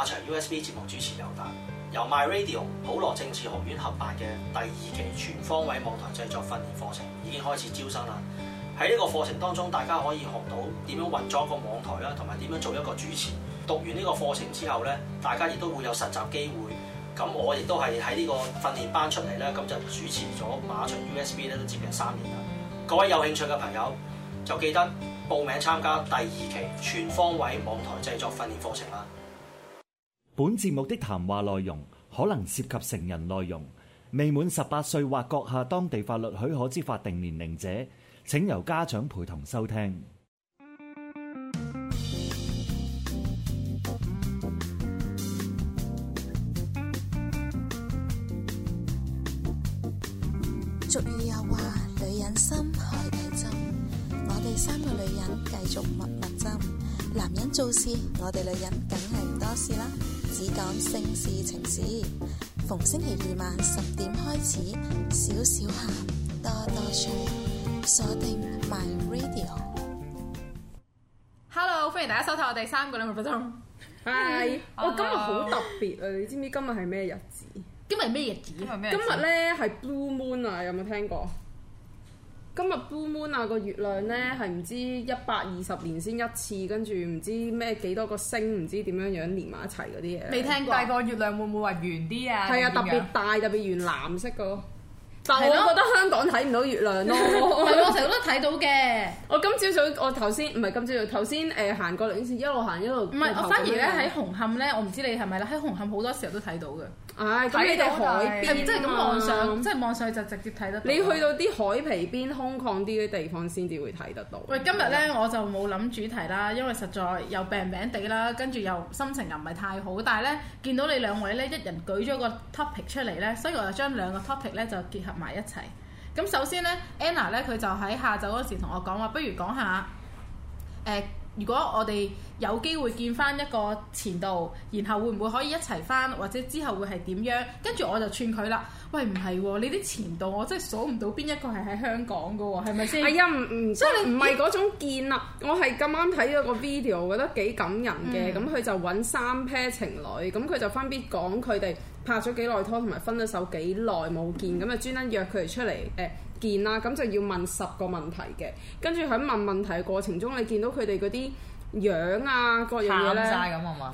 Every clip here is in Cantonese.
馬場 U.S.B 節目主持有達，由 My Radio 普羅政治學院合辦嘅第二期全方位網台製作訓練課程已經開始招生啦。喺呢個課程當中，大家可以學到點樣運作一個網台啦，同埋點樣做一個主持。讀完呢個課程之後咧，大家亦都會有實習機會。咁我亦都係喺呢個訓練班出嚟咧，咁就主持咗馬場 U.S.B 咧，都接近三年啦。各位有興趣嘅朋友就記得報名參加第二期全方位網台製作訓練課程啦。本節目的談話內容可能涉及成人內容，未滿十八歲或閣下當地法律許可之法定年齡者，請由家長陪同收聽。俗語又話：女人心海底針。我哋三個女人繼續密密針，男人做事，我哋女人梗係唔多事啦。只講性事情事，逢星期二晚十點開始，少少喊，多多唱，鎖定 My Radio。Hello，歡迎大家收睇我哋三個兩分半鐘。Hi Hi .我 Hello.、哦、今日好特別啊！你知唔知今日係咩日子？今日咩日子？今日咧係 Blue Moon 啊！有冇聽過？今日 Blue Moon 啊，個月亮咧係唔知一百二十年先一次，跟住唔知咩幾多個星，唔知點樣樣連埋一齊嗰啲嘢。未聽過。個月亮會唔會話圓啲啊？係啊，特別大，特別圓，藍色個。但係我覺得香港睇唔到月亮咯，唔係我成日都睇到嘅。我今朝早我頭先唔係今朝早頭先誒行過嚟先，一路行一路。唔係，我反而咧喺紅磡咧，我唔知你係咪啦。喺紅磡好多時候都睇到嘅。唉，你到海邊，即係咁望上，即係望上去就直接睇得。你去到啲海皮邊空曠啲嘅地方先至會睇得到。喂，今日咧我就冇諗主題啦，因為實在又病病地啦，跟住又心情又唔係太好。但係咧見到你兩位咧，一人舉咗個 topic 出嚟咧，所以我就將兩個 topic 咧就結合。合埋一齊咁，首先咧，Anna 咧佢就喺下晝嗰時同我講話，不如講下誒。呃如果我哋有機會見翻一個前度，然後會唔會可以一齊翻，或者之後會係點樣？跟住我就串佢啦。喂，唔係喎，你啲前度我真係數唔到邊一個係喺香港噶喎，係咪先？係啊、哎，唔唔，所以唔係嗰種見啊。它我係咁啱睇咗個 video，我覺得幾感人嘅。咁佢、嗯、就揾三 pair 情侶，咁佢就分別講佢哋拍咗幾耐拖，同埋分咗手幾耐冇見，咁、嗯、就專登約佢哋出嚟誒。呃見啦，咁就要問十個問題嘅，跟住喺問問題嘅過程中，你見到佢哋嗰啲樣啊，各樣嘢咧，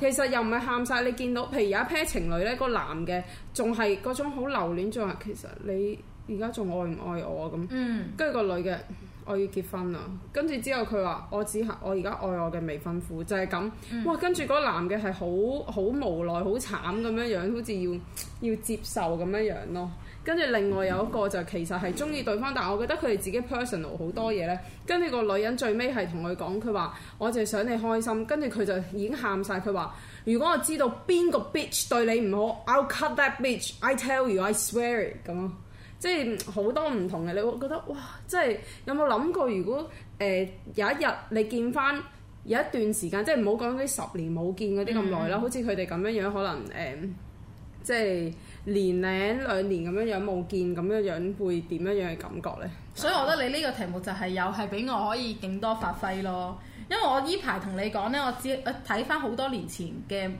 其實又唔係喊晒。你見到，譬如有一 p 情侶咧，個男嘅仲係嗰種好留戀，仲係其實你而家仲愛唔愛我咁。嗯。跟住個女嘅，我要結婚啦。跟住之後佢話，我只係我而家愛我嘅未婚夫，就係、是、咁。嗯、哇！跟住嗰個男嘅係好好無奈、好慘咁樣樣，好似要要接受咁樣樣咯。跟住另外有一個就其實係中意對方，但我覺得佢哋自己 personal 好多嘢呢。跟住個女人最尾係同佢講，佢話我就係想你開心。跟住佢就已經喊晒。佢話如果我知道邊個 bitch 對你唔好，I'll cut that bitch。I tell you，I swear it。咁咯，即係好多唔同嘅，你會覺得哇！即係有冇諗過？如果誒、呃、有一日你見翻有一段時間，即係唔好講啲十年冇見嗰啲咁耐啦，嗯、好似佢哋咁樣樣可能誒、呃，即係。年兩兩年咁樣樣冇見，咁樣樣會點樣樣嘅感覺呢？所以，我覺得你呢個題目就係有係俾我可以勁多發揮咯。因為我依排同你講呢，我知我睇翻好多年前嘅，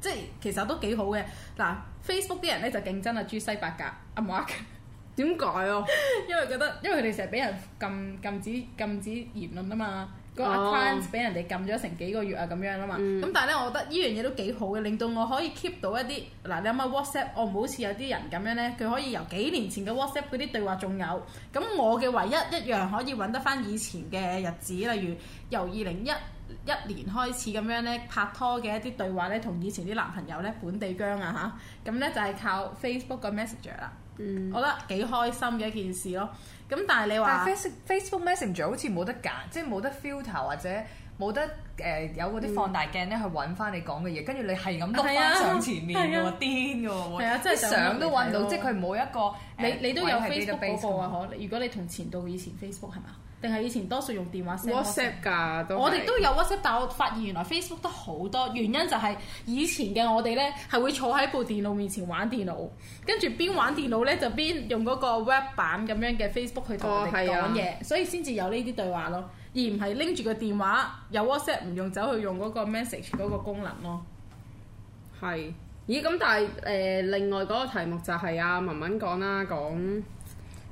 即係其實都幾好嘅。嗱，Facebook 啲人呢就競爭阿諸西八甲阿 Mark 點解啊？ 因為覺得，因為佢哋成日俾人禁禁止禁止言論啊嘛。個 account 俾人哋禁咗成幾個月啊咁樣啦嘛，咁、嗯、但係咧，我覺得呢樣嘢都幾好嘅，令到我可以 keep 到一啲嗱、啊，你 App，有冇 WhatsApp？我唔好似有啲人咁樣咧，佢可以由幾年前嘅 WhatsApp 嗰啲對話仲有，咁我嘅唯一一樣可以揾得返以前嘅日子，例如由二零一一年開始咁樣咧拍拖嘅一啲對話咧，同以前啲男朋友咧本地薑啊嚇，咁咧就係靠 Facebook 個 Messenger 啦，嗯、我覺得幾開心嘅一件事咯。咁但係你話 Facebook Messenger 好似冇得揀，即係冇得 filter 或者冇得誒、呃、有嗰啲放大鏡咧去揾翻你講嘅嘢，跟住、嗯、你係咁碌翻上前面喎，癲嘅喎，啲相都揾唔到。你即係佢冇一個，uh, 你你都有 Facebook 嗰個啊可、那個那個，如果你同前度以前 Facebook 係嘛？定係以前多數用電話，WhatsApp 㗎，我哋都有 WhatsApp，但我發現原來 Facebook 都好多，原因就係以前嘅我哋咧係會坐喺部電腦面前玩電腦，跟住邊玩電腦咧就邊用嗰個 web 版咁樣嘅 Facebook 去同我哋講嘢，哦啊、所以先至有呢啲對話咯，而唔係拎住個電話有 WhatsApp 唔用，走去用嗰個 message 嗰個功能咯。係，咦咁但係誒、呃、另外嗰個題目就係阿文文講啦講，慢慢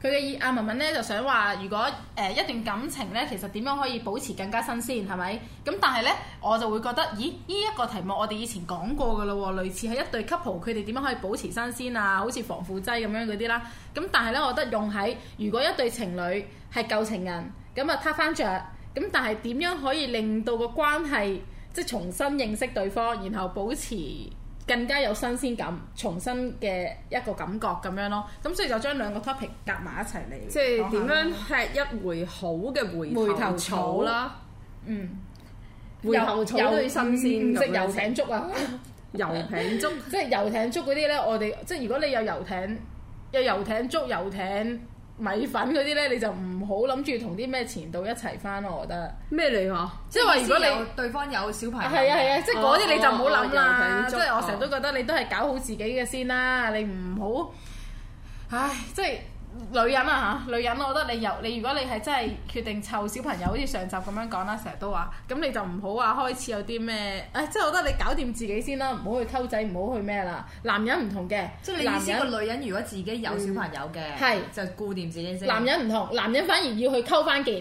佢嘅意阿雯雯咧就想話，如果誒、呃、一段感情咧，其實點樣可以保持更加新鮮，係咪？咁但係咧，我就會覺得，咦？呢、這、一個題目我哋以前講過㗎啦喎，類似係一對 couple 佢哋點樣可以保持新鮮啊，好似防腐劑咁樣嗰啲啦。咁但係咧，我覺得用喺如果一對情侶係舊情人，咁啊撻翻着。咁但係點樣可以令到個關係即係重新認識對方，然後保持？更加有新鮮感，重新嘅一個感覺咁樣咯。咁所以就將兩個 topic 夾埋一齊嚟，即係點樣吃一回好嘅回頭草啦。嗯，回頭草最新鮮，食游、嗯、艇粥啊，游艇粥，即係游艇粥嗰啲呢。我哋即係如果你有游艇，有游艇粥，游艇。米粉嗰啲咧，你就唔好諗住同啲咩前度一齊翻、啊、我覺得、啊。咩嚟㗎？即係話如果你是是對方有小朋友，係啊係啊，即係嗰啲你就唔好諗啦。哦哦哦、即係我成日都覺得你都係搞好自己嘅先啦，哦、你唔好，唉，即係。女人啊嚇，女人我覺得你有你如果你係真係決定湊小朋友，好似上集咁樣講啦，成日都話，咁你就唔好話開始有啲咩，誒，即係我覺得你搞掂自己先啦，唔好去溝仔，唔好去咩啦。男人唔同嘅，男人即係你意思個女人如果自己有小朋友嘅，係、嗯、就顧掂自己先。男人唔同，男人反而要去溝翻件，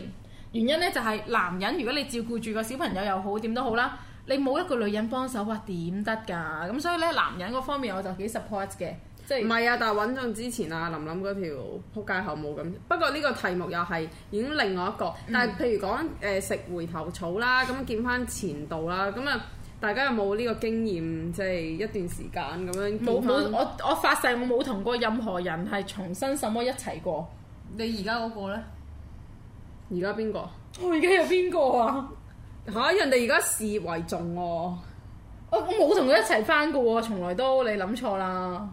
原因呢就係男人如果你照顧住個小朋友又好點都好啦，你冇一個女人幫手話點得㗎？咁、啊、所以呢，男人嗰方面我就幾 support 嘅。唔係對 啊，但係揾咗之前啊，林琳嗰條撲街後冇咁。不過呢個題目又係已經另外一個。但係譬如講誒、呃、食回頭草啦，咁見翻前度啦，咁啊，大家有冇呢個經驗？即係一段時間咁樣。冇冇，我我發誓我冇同過任何人係重新什麼一齊過。你而、啊、 家嗰個咧？而家邊個？我而家有邊個啊？嚇！人哋而家事業為重喎。我我冇同佢一齊翻過喎，從來都你諗錯啦。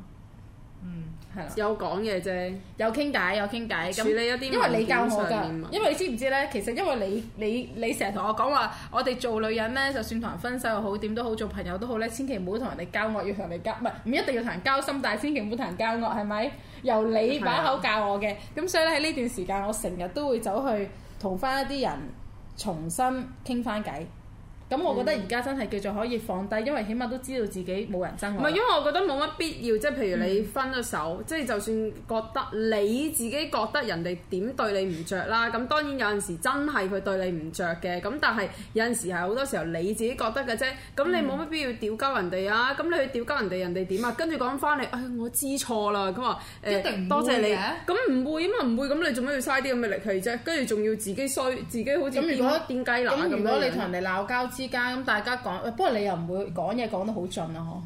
有講嘢啫，有傾偈，有傾偈。咁處理一啲，因為你教我㗎，因為你知唔知咧？其實因為你你你成日同我講話，嗯、我哋做女人咧，就算同人分手又好，點都好，做朋友都好咧，千祈唔好同人哋交惡，要同人哋交，唔係唔一定要同人交心，但係千祈唔好同人交惡，係咪？由你把口教我嘅，咁所以咧，喺呢段時間，我成日都會走去同翻一啲人重新傾翻偈。咁我覺得而家真係繼續可以放低，嗯、因為起碼都知道自己冇人憎。唔係因為我覺得冇乜必要，即係譬如你分咗手，即係、嗯、就算覺得你自己覺得人哋點對你唔着啦，咁當然有陣時真係佢對你唔着嘅，咁但係有陣時係好多時候你自己覺得嘅啫。咁你冇乜必要屌鳩人哋啊！咁你去屌鳩人哋，人哋點啊？跟住講翻你，我知錯啦！咁話、呃、一定多謝你。咁唔會啊嘛，唔會咁你做咩要嘥啲咁嘅力氣啫？跟住仲要自己衰，自己好似掂雞乸咁樣。咁如果你同人哋鬧交，之間咁大家講、哎，不過你又唔會講嘢講得好盡啊，嗬、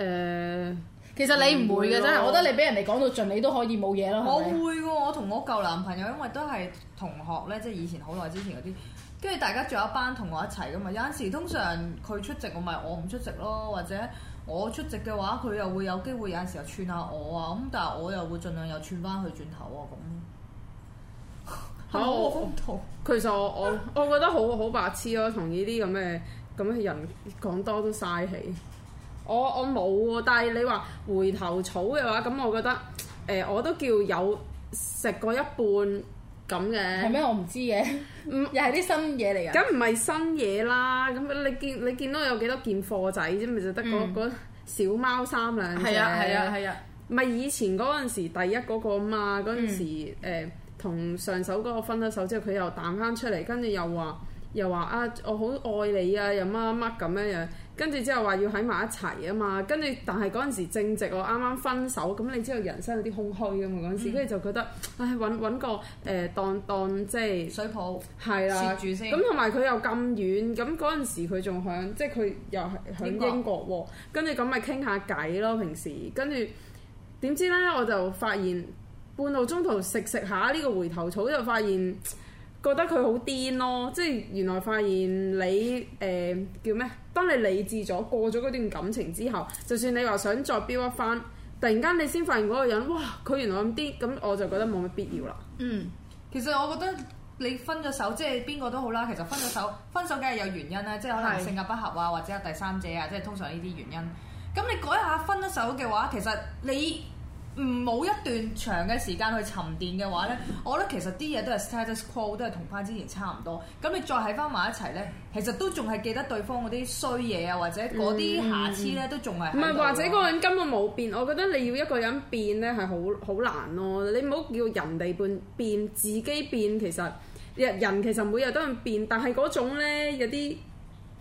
呃？其實你唔會嘅、嗯、真係的，我，我，我覺得你俾人哋講到盡，我你都可以冇嘢咯。我會喎，是是我同我舊男朋友，因為都係同學咧，即係以前好耐之前嗰啲，跟住大家仲有一班同學一齊噶嘛。有陣時通常佢出席，就是、我咪我唔出席咯，或者我出席嘅話，佢又會有機會有陣時候又串下我啊。咁但係我又會盡量又串翻去轉頭喎咁。好、啊，我，其實我我我覺得好好白痴咯、啊，同呢啲咁嘅咁嘅人講多都嘥氣。我我冇喎、啊，但係你話回頭草嘅話，咁我覺得誒、呃、我都叫有食過一半咁嘅。係咩？我唔知嘅，唔 又係啲新嘢嚟㗎。咁唔係新嘢啦，咁你見你見到有幾多件貨仔啫？咪就得嗰、那個嗯、小貓三兩。係啊係啊係啊！咪、啊啊、以前嗰陣時第一嗰個嘛，嗰陣時同上手嗰個分咗手之後，佢又彈翻出嚟，跟住又話，又話啊，我好愛你啊，又乜乜咁樣樣，跟住之後話要喺埋一齊啊嘛，跟住但係嗰陣時正值我啱啱分手，咁你知道人生有啲空虛噶嘛嗰陣時，跟住就覺得、嗯、唉，揾揾個誒、欸、當當即係、就是、水泡，係啦，咁同埋佢又咁遠，咁嗰陣時佢仲響，即係佢又喺英國喎，跟住咁咪傾下偈咯平時，跟住點知呢，我就發現。半路中途食食下呢個回頭草，就發現覺得佢好癲咯！即係原來發現你誒、呃、叫咩？當你理智咗過咗嗰段感情之後，就算你話想再飈一番，突然間你先發現嗰個人，哇！佢原來咁癲，咁我就覺得冇乜必要啦。嗯，其實我覺得你分咗手，即係邊個都好啦。其實分咗手，分手梗係有原因啦，即係可能性格不合啊，或者有第三者啊，即係通常呢啲原因。咁你改一下分咗手嘅話，其實你。唔，冇一段長嘅時間去沉澱嘅話呢，我覺得其實啲嘢都係 status quo，都係同翻之前差唔多。咁你再喺翻埋一齊呢，其實都仲係記得對方嗰啲衰嘢啊，或者嗰啲瑕疵呢都仲係、嗯。唔係，或者嗰個人根本冇變。我覺得你要一個人變呢係好好難咯、啊。你唔好叫人哋變，變自己變，其實人其實每日都係變，但係嗰種呢有啲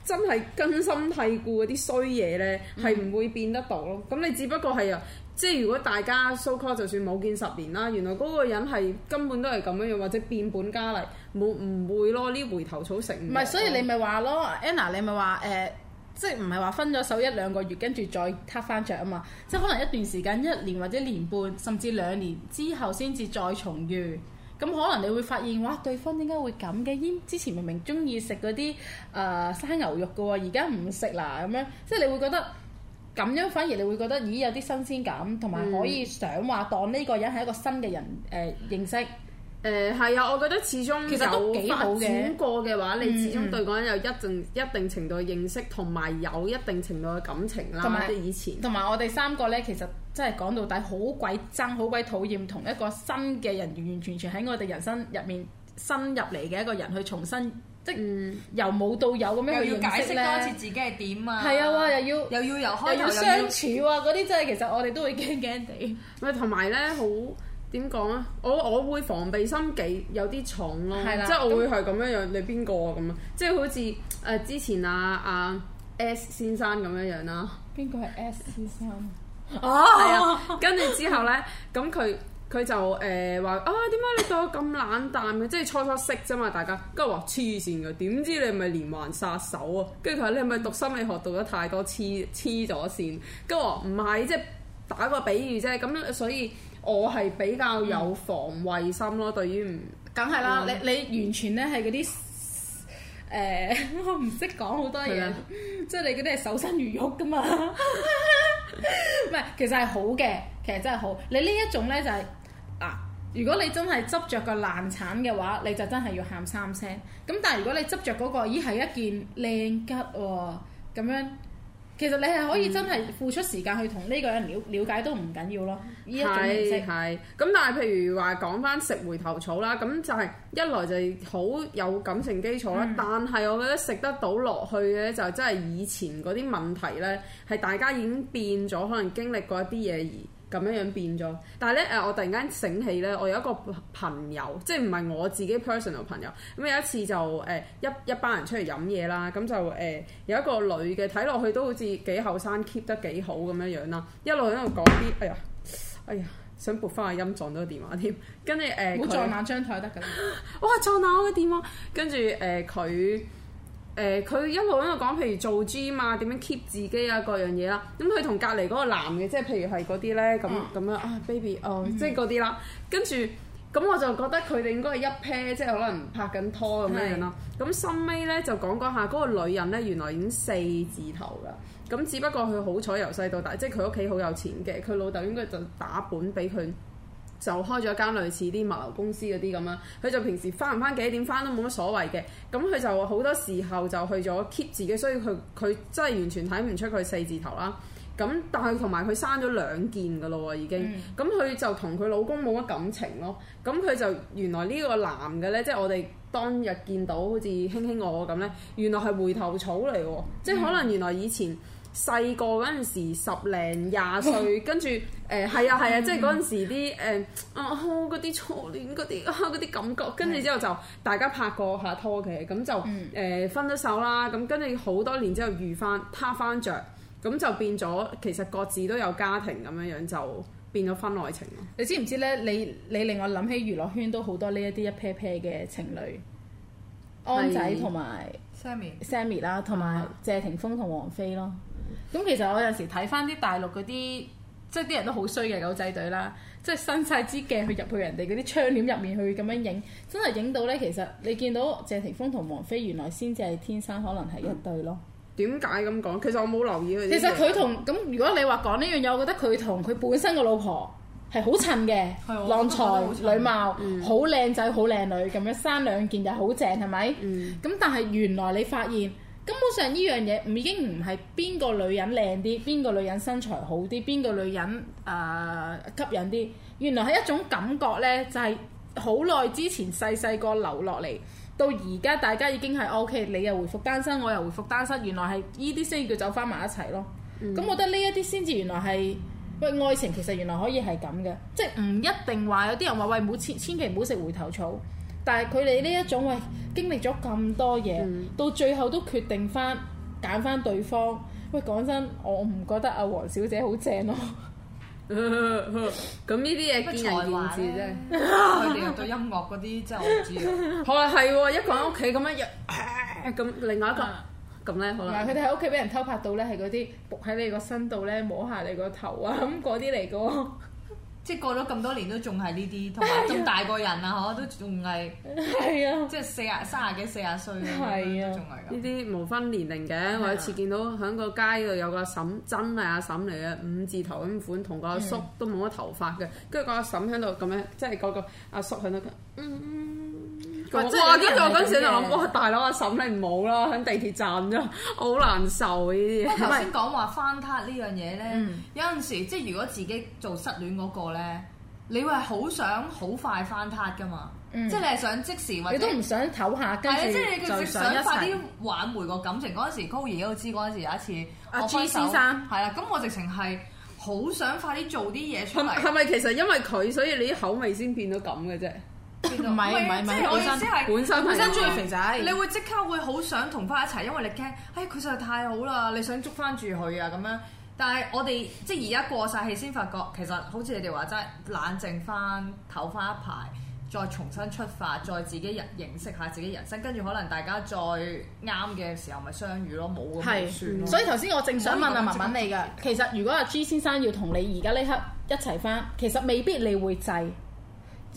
真係根深蒂固嗰啲衰嘢呢係唔會變得到咯。咁、嗯、你只不過係啊。即係如果大家 so call 就算冇見十年啦，原來嗰個人係根本都係咁樣樣，或者變本加厲，冇唔會咯？呢啲回頭草食唔～唔係，所以你咪話咯，Anna 你咪話誒，即係唔係話分咗手一兩個月，跟住再撻翻著啊嘛？即係可能一段時間一年或者年半，甚至兩年之後先至再重遇，咁可能你會發現哇，對方點解會咁嘅？因之前明明鍾意食嗰啲誒生牛肉嘅喎，而家唔食啦咁樣，即係你會覺得。咁樣反而你會覺得咦，有啲新鮮感，同埋可以想話當呢個人係一個新嘅人誒、呃、認識。誒係啊，我覺得始終其實有都幾發展過嘅話，嗯嗯、你始終對嗰個人有一定一定程度認識，同埋有一定程度嘅感情啦。同埋有以前。同埋我哋三個呢，其實真係講到底好鬼憎，好鬼討厭同一個新嘅人，完完全全喺我哋人生入面新入嚟嘅一個人去重新。即係、嗯、由冇到有咁樣去認識咧。又要解釋多次自己係點啊？係 啊，又要又要由開頭又要相處啊！嗰啲 真係其實我哋都會驚驚地。唔係同埋咧，好點講啊？我我會防備心幾有啲重咯。係啦、啊，即係我會係咁樣樣，你邊個啊？咁啊，即係好似誒、呃、之前啊啊 S 先生咁樣樣、啊、啦。邊個係 S 先生？哦，係啊。跟住之後咧，咁佢。佢就誒話、呃、啊點解你對我咁冷淡嘅？即係初初識啫嘛，大家跟住話黐線嘅，點知你係咪連環殺手啊？跟住佢話你係咪讀心理學讀咗太多黐黐咗線？跟住話唔係，即係打個比喻啫。咁所以我係比較有防衞心咯。嗯、對於唔，梗係啦，不你你完全咧係嗰啲誒，我唔識講好多嘢，的即係你嗰啲係守身如玉噶嘛。唔 係，其實係好嘅，其實真係好。你呢一種咧就係、是。如果你真係執着個爛橙嘅話，你就真係要喊三聲。咁但係如果你執着嗰、嗰個，咦係一件靚吉喎，咁樣，其實你係可以真係付出時間去同呢個人了了解都唔緊要咯。依一種形式係。咁但係譬如話講翻食回頭草啦，咁就係一來就好有感情基礎啦，嗯、但係我覺得食得到落去嘅就真係以前嗰啲問題呢，係大家已經變咗，可能經歷過一啲嘢而。咁樣樣變咗，但係咧誒，我突然間醒起咧，我有一個朋友，即係唔係我自己 personal 朋友，咁、嗯、有一次就誒、呃、一一班人出嚟飲嘢啦，咁、嗯、就誒、呃、有一個女嘅，睇落去都好似幾後生，keep 得幾好咁樣樣啦，一路喺度講啲，哎呀，哎呀，想撥翻個音撞、啊、撞到個電話添，跟住誒，好再那張台得噶啦，哇撞嗱我嘅電話，跟住誒佢。呃誒佢、呃、一路喺度講，譬如做 gym 啊，點樣 keep 自己啊，各樣嘢啦。咁佢同隔離嗰個男嘅，即係譬如係嗰啲咧，咁咁樣、uh, 啊，baby，哦、oh, mm，hmm. 即係嗰啲啦。跟住咁我就覺得佢哋應該係一 pair，即係可能拍緊拖咁樣樣啦。咁收尾咧就講講下，嗰、嗰個女人咧原來已經四字頭㗎。咁只不過佢好彩由細到大，即係佢屋企好有錢嘅，佢老豆應該就打本俾佢。就開咗間類似啲物流公司嗰啲咁啦，佢就平時翻唔翻幾點翻都冇乜所謂嘅，咁佢就好多時候就去咗 keep 自己，所以佢佢真係完全睇唔出佢四字頭啦。咁但係同埋佢生咗兩件噶啦喎已經，咁佢、嗯、就同佢老公冇乜感情咯。咁佢就原來呢個男嘅呢，即係我哋當日見到好似卿卿我我咁咧，原來係回頭草嚟喎，嗯、即係可能原來以前。細個嗰陣時十零廿歲，跟住誒係啊係啊，啊啊嗯、即係嗰陣時啲誒、欸、啊嗰啲初戀嗰啲啲感覺，跟住之後就大家拍過下拖嘅，咁就誒分咗手啦。咁跟住好多年之後遇翻，他翻着，咁就變咗其實各自都有家庭咁樣樣，就變咗婚外情咯。你知唔知咧？你你令我諗起娛樂圈都好多呢一啲一 pair pair 嘅情侶，安仔同埋 Sammy Sammy 啦，同埋 S emi, 謝霆鋒同王菲咯。咁、嗯、其實我有時睇翻啲大陸嗰啲，即係啲人都好衰嘅狗仔隊啦，即係伸曬支鏡去入去人哋嗰啲窗簾入面去咁樣影，真係影到呢。其實你見到謝霆鋒同王菲原來先至係天生可能係一對咯。點解咁講？其實我冇留意。其實佢同咁，如果你話講呢樣嘢，我覺得佢同佢本身個老婆係好襯嘅，的郎才財女貌，好靚、嗯、仔好靚女，咁樣生兩件就好正，係咪？咁、嗯嗯、但係原來你發現。根本上呢樣嘢唔已經唔係邊個女人靚啲，邊個女人身材好啲，邊個女人誒、呃、吸引啲，原來係一種感覺呢，就係好耐之前細細個留落嚟，到而家大家已經係 OK，你又回復單身，我又回復單身，原來係呢啲先叫走翻埋一齊咯。咁、嗯、我覺得呢一啲先至原來係喂愛情，其實原來可以係咁嘅，即係唔一定話有啲人話喂唔千千祈唔好食回頭草。但係佢哋呢一種喂、欸、經歷咗咁多嘢，嗯、到最後都決定翻揀翻對方。喂，講真，我唔覺得阿黃小姐好正咯。咁、嗯嗯嗯啊啊、呢啲嘢見仁見智啫。佢哋對音樂嗰啲真係我唔知 好可能係喎，一個人喺屋企咁樣又咁，啊啊啊啊、 另外一個咁咧、 啊，好啦、啊。嗱，佢哋喺屋企俾人偷拍到咧，係嗰啲喺你個身度咧摸下你個頭啊，咁嗰啲嚟噶。即係過咗咁多年都仲係呢啲，同埋咁大個人的啊，嗬，都仲唔係，即係四十三十幾四十歲咁的樣都仲係咁。呢啲冇分年齡嘅，的我有一次見到喺個街度有個阿嬸，真係阿嬸嚟嘅，五字頭咁款，同個阿叔都冇乜頭髮嘅，跟住、嗯、個阿嬸喺度咁樣，即係嗰個阿叔喺度，嗯。哇！跟住我嗰陣時就諗，哇！大佬阿嬸你唔好啦，喺地鐵站啫，好難受依啲嘢。頭先講話翻撻呢樣嘢咧，有陣時即係如果自己做失戀嗰個咧，你會係好想好快翻撻噶嘛？即係你係想即時為，你都唔想唞下，即跟住就想快啲挽回個感情。嗰陣時溝兒我都知，嗰陣時有一次阿朱先生，係啊，咁我直情係好想快啲做啲嘢出嚟。係咪其實因為佢，所以你啲口味先變到咁嘅啫？唔係唔係唔係，我意思係本身本身中意肥仔，你會即刻會好想同翻一齊，因為你驚哎佢實在太好啦，你想捉翻住佢啊咁樣。但係我哋即係而家過晒氣先發覺，其實好似你哋話齋，冷靜翻唞翻一排，再重新出發，再自己人認識下自己人生，跟住可能大家再啱嘅時候咪相遇咯，冇咁算。所以頭先我正想問阿雯雯你嘅，慢慢其實如果阿朱先生要同你而家呢刻一齊翻，其實未必你會制。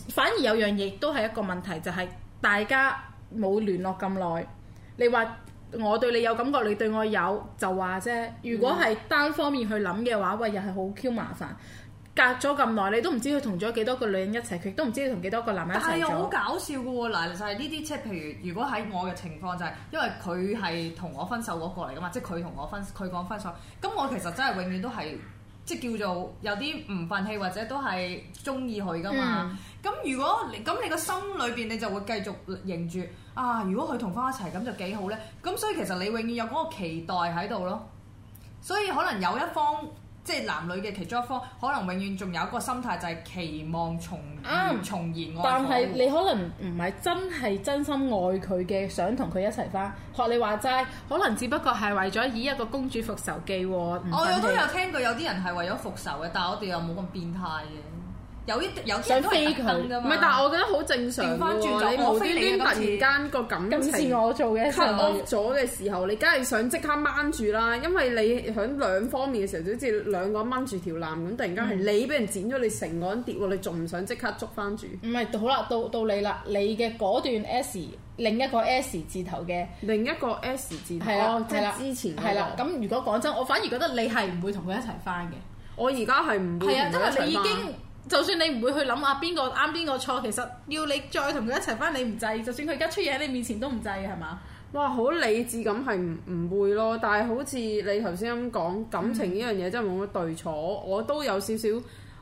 反而有樣嘢都係一個問題，就係、是、大家冇聯絡咁耐。你話我對你有感覺，你對我有就話啫。如果係單方面去諗嘅話，嗯、喂，又係好 Q 麻煩。隔咗咁耐，你都唔知佢同咗幾多個女人一齊，佢都唔知佢同幾多個男人一齊。係又好搞笑嘅喎，嗱就係呢啲，即係譬如如果喺我嘅情況就係、是，因為佢係同我分手嗰、那個嚟㗎嘛，即係佢同我分，佢講分手，咁我其實真係永遠都係。即叫做有啲唔忿氣或者都係中意佢㗎嘛，咁、嗯、如果你咁你個心裏邊你就會繼續認住啊，如果佢同翻一齊咁就幾好咧，咁所以其實你永遠有嗰個期待喺度咯，所以可能有一方。即係男女嘅其中一方，可能永遠仲有一個心態就係、是、期望重、嗯、重燃。但係你可能唔係真係真心愛佢嘅，想同佢一齊翻。學你話齋，可能只不過係為咗以一個公主復仇記，我記、哦。我有都有聽過有啲人係為咗復仇嘅，但係我哋又冇咁變態嘅。有啲有想飛佢，唔係，但係我覺得好正常喎。你無端端突然間個感情失安咗嘅時候，你梗係想即刻掹住啦，因為你喺兩方面嘅時候，就好似兩個掹住條纜咁，突然間係你俾人剪咗，你成個人跌，你仲唔想即刻捉翻住？唔係，好啦，到到你啦，你嘅段 S，另一個 S 字頭嘅，另一個 S 字頭，係之前係啦。咁如果講真，我反而覺得你係唔會同佢一齊翻嘅。我而家係唔會同佢一齊翻。就算你唔會去諗下邊個啱邊個錯，其實要你再同佢一齊翻，你唔制。就算佢而家出嘢喺你面前都唔制，係嘛？哇！好理智咁係唔唔會咯，但係好似你頭先咁講，感情呢樣嘢真係冇乜對錯。嗯、我都有少少，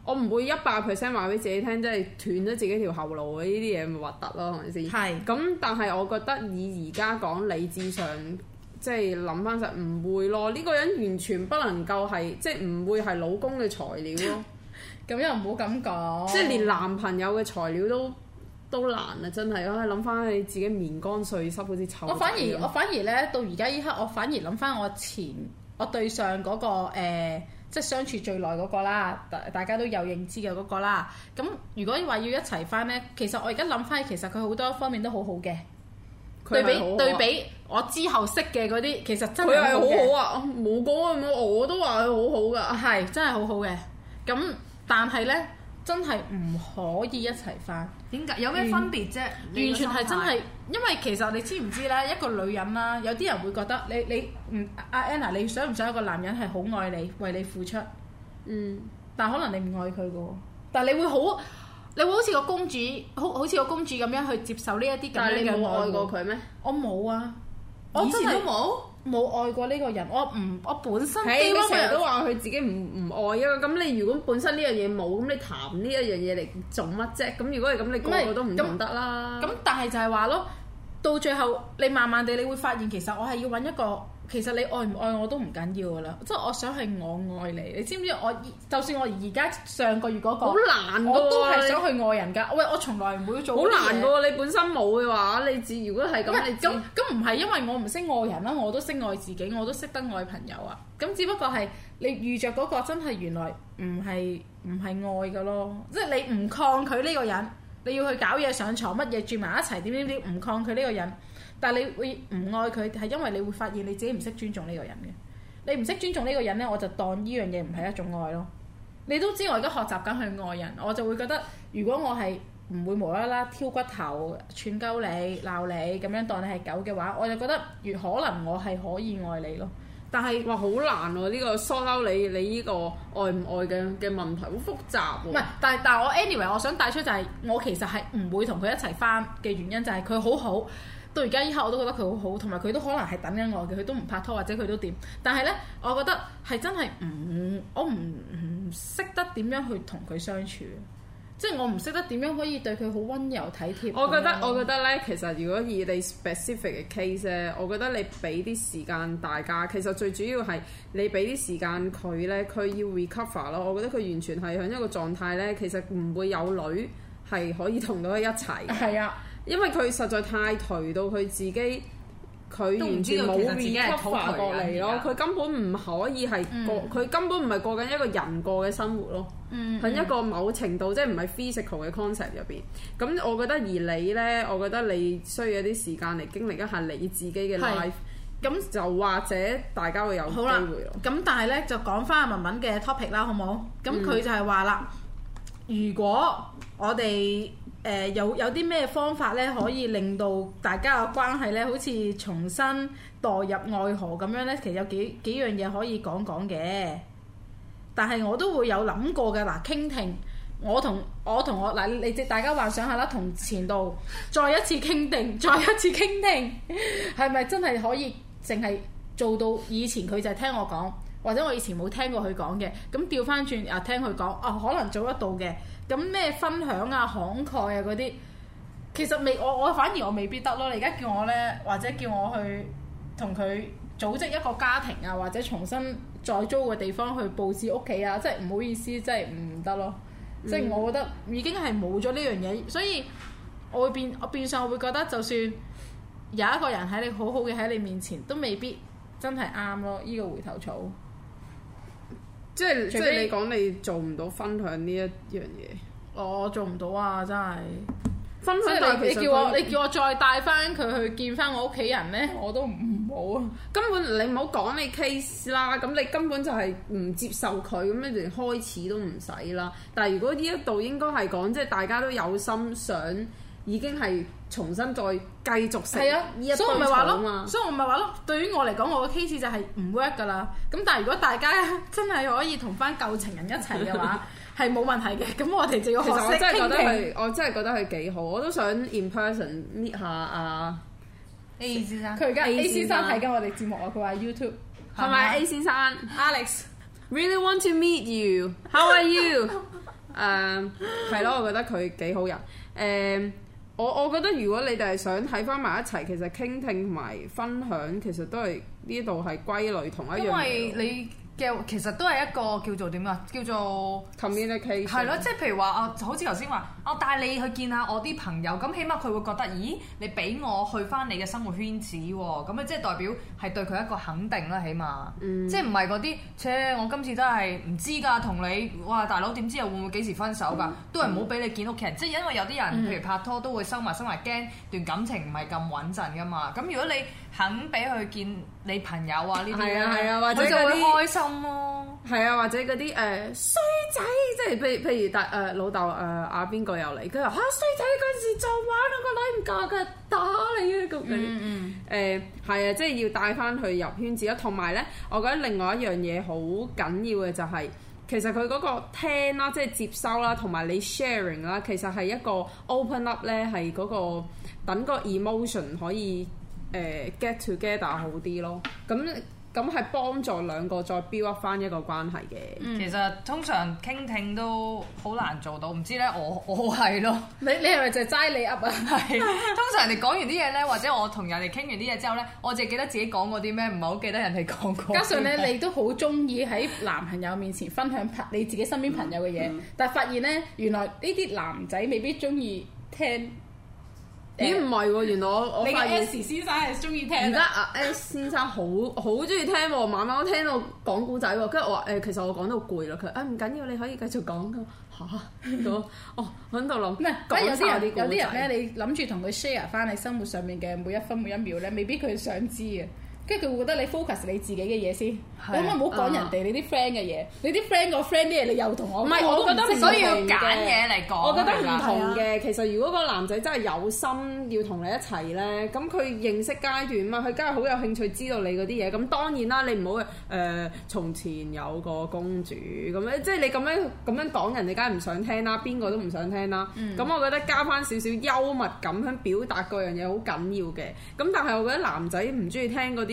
我唔會一百 percent 話俾自己聽，即係斷咗自己條後路嘅呢啲嘢咪核突咯，係咪先？係。咁但係我覺得以而家講理智上，即係諗翻實唔會咯。呢個人完全不能夠係即係唔會係老公嘅材料咯。嗯咁又唔好咁講，即係連男朋友嘅材料都都難啊！真係囉，諗翻你自己面乾水濕嗰啲臭我，我反而我反而呢到而家依刻，我反而諗翻我前我對上嗰、嗰個、呃、即係相處最耐嗰個啦，大大家都有認知嘅嗰個啦。咁如果話要一齊翻呢，其實我而家諗翻，其實佢好多方面都好好嘅、啊。對比對比，我之後識嘅嗰啲，其實真佢係好好啊！冇講啊、嗰個嗰個，我都話佢好好㗎，係真係好好嘅。咁但係呢，真係唔可以一齊翻。點解？有咩分別啫？嗯、完全係真係，因為其實你知唔知呢，一個女人啦、啊，有啲人會覺得你你唔阿 Anna，你想唔想一個男人係好愛你，為你付出？嗯。但可能你唔愛佢嘅喎，但你會好，你會好似個公主，好好似個公主咁樣去接受呢一啲咁樣嘅愛。你冇愛過佢咩？我冇啊，我真係冇。冇愛過呢個人，我唔我本身、就係，都話佢自己唔唔 愛啊。咁你如果本身呢樣嘢冇，咁你談呢一樣嘢嚟做乜啫？咁如果係咁，你個個都唔得啦。咁、嗯嗯嗯嗯、但係就係話咯，到最後你慢慢地你會發現，其實我係要揾一個。其實你愛唔愛我都唔緊要噶啦，即係我想係我愛你。你知唔知我？就算我而家上個月嗰個，難啊，我都係想去愛人噶。你，喂，我從來唔會做。好難噶喎！你本身冇嘅話，你自如果係咁，咁咁唔係因為我唔識愛人啦，我都識愛自己，我都識得愛朋友啊。咁只不過係你遇着嗰個真係原來唔係唔係愛噶咯，即係你唔抗拒呢個人，你要去搞嘢上床，乜嘢住埋一齊，點點點，唔抗拒呢個人。但係你會唔愛佢，係因為你會發現你自己唔識尊重呢個人嘅。你唔識尊重呢個人呢，我就當呢樣嘢唔係一種愛咯。你都知我而家學習緊去愛人，我就會覺得，如果我係唔會無啦啦挑骨頭、串鳩你、鬧你咁樣當你係狗嘅話，我就覺得越可能我係可以愛你咯。但係話好難喎、啊，呢、這個疏嬲你你呢個愛唔愛嘅嘅問題好複雜、啊。唔係，但係但係我 anyway，我想帶出就係、是、我其實係唔會同佢一齊返嘅原因，就係佢好好。到而家以後我都覺得佢好好，同埋佢都可能係等緊我嘅，佢都唔拍拖或者佢都點。但係呢，我覺得係真係唔，我唔唔識得點樣去同佢相處，即係我唔識得點樣可以對佢好溫柔體貼。我覺得的我覺得咧，其實如果以你 specific 嘅 case，我覺得你俾啲時間大家，其實最主要係你俾啲時間佢呢，佢要 recover 咯。我覺得佢完全係響一個狀態呢，其實唔會有女係可以同到佢一齊。係啊。因為佢實在太頹到佢自己，佢都唔知冇面出發過嚟咯。佢在根本唔可以係過，佢、嗯、根本唔係過緊一個人過嘅生活咯。喺、嗯、一個某程度、嗯、即係唔係 physical 嘅 concept 入邊，咁我覺得而你呢，我覺得你需要一啲時間嚟經歷一下你自己嘅 life。咁就或者大家會有機會咯。咁但係呢，就講翻阿文文嘅 topic 啦，好冇？咁佢就係話啦，如果我哋誒、呃、有有啲咩方法咧，可以令到大家嘅關係咧，好似重新墮入愛河咁樣咧？其實有幾幾樣嘢可以講講嘅，但係我都會有諗過嘅。嗱傾聽，我同我同我嗱，你即大家幻想下啦，同前度再一次傾聽，再一次傾聽，係咪 真係可以淨係做到以前佢就係聽我講，或者我以前冇聽過佢講嘅？咁調翻轉啊，聽佢講，哦、啊，可能做得到嘅。咁咩分享啊、慷慨啊嗰啲，其實未我我反而我未必得咯。你而家叫我咧，或者叫我去同佢組織一個家庭啊，或者重新再租個地方去佈置屋企啊，即係唔好意思，嗯、即係唔得咯。即係我覺得已經係冇咗呢樣嘢，所以我會變我變相我會覺得，就算有一個人喺你好好嘅喺你面前，都未必真係啱咯。呢個回頭草。即係即係你講你做唔到分享呢一樣嘢，我做唔到啊！真係分享，但係你叫我你叫我再帶翻佢去見翻我屋企人咧，我都唔好啊！根本你唔好講你 case 啦，咁你根本就係唔接受佢咁，你連開始都唔使啦。但係如果呢一度應該係講，即係大家都有心想，已經係。重新再繼續食，所以我咪話咯，所以我咪話咯。對於我嚟講，我嘅 case 就係唔 work 㗎啦。咁但係如果大家真係可以同返舊情人一齊嘅話，係冇問題嘅。咁我哋就要學識。其實我真係覺得佢，我真係覺得佢幾好。我都想 in person meet 下阿 A 先生。佢而家 A 先生睇緊我哋節目啊，佢話 YouTube 同埋 A 先生 Alex？Really want to meet you. How are you？誒係咯，我覺得佢幾好人誒。我我覺得如果你哋係想喺翻埋一齊，其實傾聽同埋分享，其實都係呢度係歸類同一樣嘅。因為你嘅其實都係一個叫做點啊，叫做 community，係咯，即係譬如話啊，好似頭先話，我帶你去見下我啲朋友，咁起碼佢會覺得，咦，你俾我去翻你嘅生活圈子喎、啊，咁啊即係代表係對佢一個肯定啦、啊，起碼，嗯、即係唔係嗰啲，切，我今次都係唔知㗎，同你，哇，大佬點知又會唔會幾時分手㗎？都係唔好俾你見屋企人，嗯、即係因為有啲人，譬如拍拖都會收埋收埋驚，段感情唔係咁穩陣㗎嘛，咁如果你。肯俾佢見你朋友啊呢啲，係這些 啊係啊，或者就會開心咯、啊。係啊，或者嗰啲誒衰仔，即係譬譬如，但誒、呃、老豆誒啊邊個又嚟？佢話嚇衰仔嗰時就玩我、那個女唔夠佢打你啊咁樣。誒係、嗯嗯呃、啊，即係要帶翻去入圈子啊。同埋咧，我覺得另外一樣嘢好緊要嘅就係、是，其實佢嗰個聽啦，即係接收啦，同埋你 sharing 啦，其實係一個 open up 咧、那個，係嗰個等個 emotion 可以。誒、uh, get together 好啲咯，咁咁係幫助兩個再 build up 翻一個關係嘅、嗯。其實通常傾聽都好難做到，唔知咧我我係咯， 你你係咪就係齋你噏啊？係 通常人哋講完啲嘢咧，或者我同人哋傾完啲嘢之後咧，我淨係記得自己講過啲咩，唔係好記得人哋講過。加上咧，你都好中意喺男朋友面前分享你自己身邊朋友嘅嘢，嗯嗯、但係發現咧，原來呢啲男仔未必中意聽。咦唔係喎，原來我我發現，你 S 先生係中意聽。而家阿 S 先生好好中意聽喎，晚晚我聽到講古仔喎。跟住我話誒、呃，其實我講到攰啦，佢啊，唔緊要，你可以繼續講㗎。嚇、啊！咁 哦，揾到諗。唔係 有啲有啲人咧，你諗住同佢 share 翻你生活上面嘅每一分每一秒咧，未必佢想知嘅。跟住佢會覺得你 focus 你自己嘅嘢先，你可唔可以唔好講人哋你啲 friend 嘅嘢？你啲 friend 個 friend 啲嘢你又同我唔係，我都覺得，所以要揀嘢嚟講。我覺得唔同嘅，其實如果個男仔真係有心要同你一齊咧，咁佢認識階段嘛，佢梗係好有興趣知道你嗰啲嘢。咁當然啦，你唔好誒從前有個公主咁樣，即係你咁樣咁樣講人哋梗係唔想聽啦，邊個都唔想聽啦。咁我覺得加翻少少幽默感喺表達嗰樣嘢好緊要嘅。咁但係我覺得男仔唔中意聽嗰啲。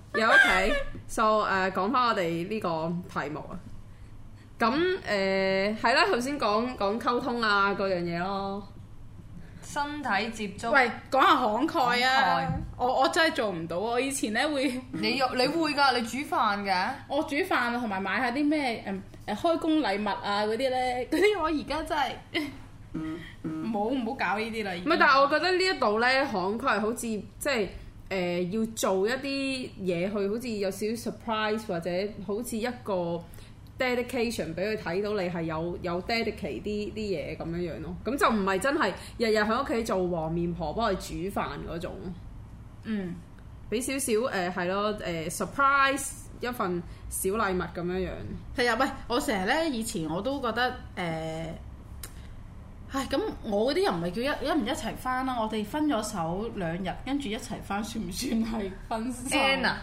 有屋企，就誒、 so, uh, 講翻我哋呢個題目啊。咁誒係啦，頭先講講溝通啊嗰樣嘢咯。身體接觸，喂，講下慷慨啊！慷慨啊我我真係做唔到啊！我以前咧會，你你會㗎，你煮飯㗎。我煮飯啊、同埋買下啲咩誒誒開工禮物啊嗰啲咧，嗰啲我而家真係，唔好唔好搞呢啲啦。嗯、唔係，但係我覺得呢一度咧慷慨好似即係。誒、呃、要做一啲嘢去，好似有少少 surprise 或者好似一個 dedication 俾佢睇到你係有有 dedicate 啲啲嘢咁樣樣咯。咁就唔係真係日日喺屋企做黃面婆幫佢煮飯嗰種。嗯，俾少少誒係咯誒 surprise 一份小禮物咁樣樣。係啊，喂，我成日咧以前我都覺得誒。呃唉，咁我嗰啲又唔係叫一一唔一齊翻啦，我哋分咗手兩日，跟住一齊翻算唔算係分？N 啊？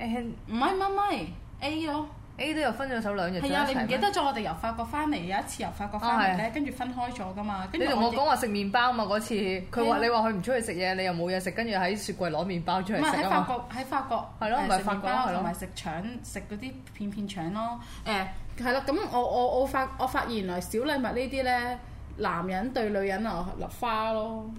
誒唔係唔係，A 咯。A 都有分咗手兩日。係啊，你唔記得咗？我哋由法國翻嚟有一次由法國翻嚟咧，跟住分開咗噶嘛。你同我講話食麵包啊嘛嗰次，佢話你話佢唔出去食嘢，你又冇嘢食，跟住喺雪櫃攞麵包出嚟食啊嘛。喺法國喺法國係咯，唔係麵包同埋食腸食嗰啲片片腸咯誒。係啦，咁我我我發我發現原來小禮物呢啲呢，男人對女人啊立花咯。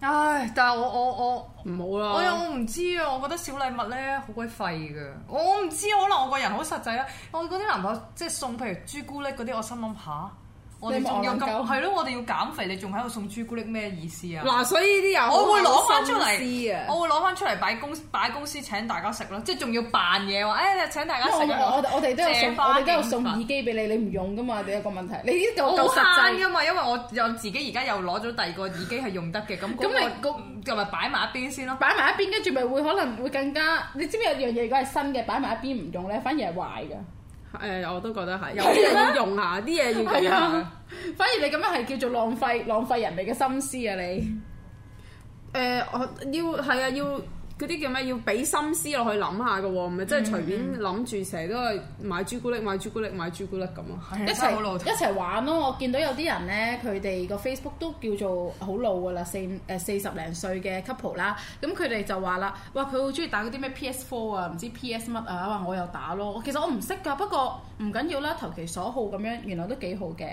唉，但係我我我唔好啦。我又我唔知啊，我覺得小禮物呢，好鬼廢㗎。我唔知，可能我個人好實際啊。我嗰啲男朋友即係送，譬如朱古力嗰啲，我心諗下。我哋仲要減，係咯，我哋要減肥，你仲喺度送朱古力咩意思啊？嗱、啊，所以呢啲人我會攞翻出嚟，我會攞翻出嚟擺公司，擺公司請大家食咯，即係仲要扮嘢話，誒、哎、請大家食。我哋都有送，我哋都有送耳機俾你，你唔用噶嘛？第一個問題，你呢度我好慳噶嘛，因為我有自己而家又攞咗第二個耳機係用得嘅，咁咁你個咪擺埋一邊先咯。擺埋一邊，跟住咪會可能會更加，你知唔知有樣嘢如果係新嘅擺埋一邊唔用咧，反而係壞㗎。誒、呃，我都覺得係，有啲嘢要用下，啲嘢、啊、要、啊、 反而你咁樣係叫做浪費，浪費人哋嘅心思啊你！你誒、嗯呃，我要係啊，要。嗰啲叫咩？要俾心思落去諗下嘅喎，唔係即係隨便諗住成日都係買朱古力、買朱古力、買朱古力咁啊！一齊一齊玩咯！我見到有啲人咧，佢哋個 Facebook 都叫做好老嘅、呃、啦，四誒四十零歲嘅 couple 啦，咁佢哋就話啦：哇！佢好中意打嗰啲咩 PS Four 啊，唔知 PS 乜啊，話我又打咯。其實我唔識㗎，不過唔緊要啦，投其所好咁樣，原來都幾好嘅。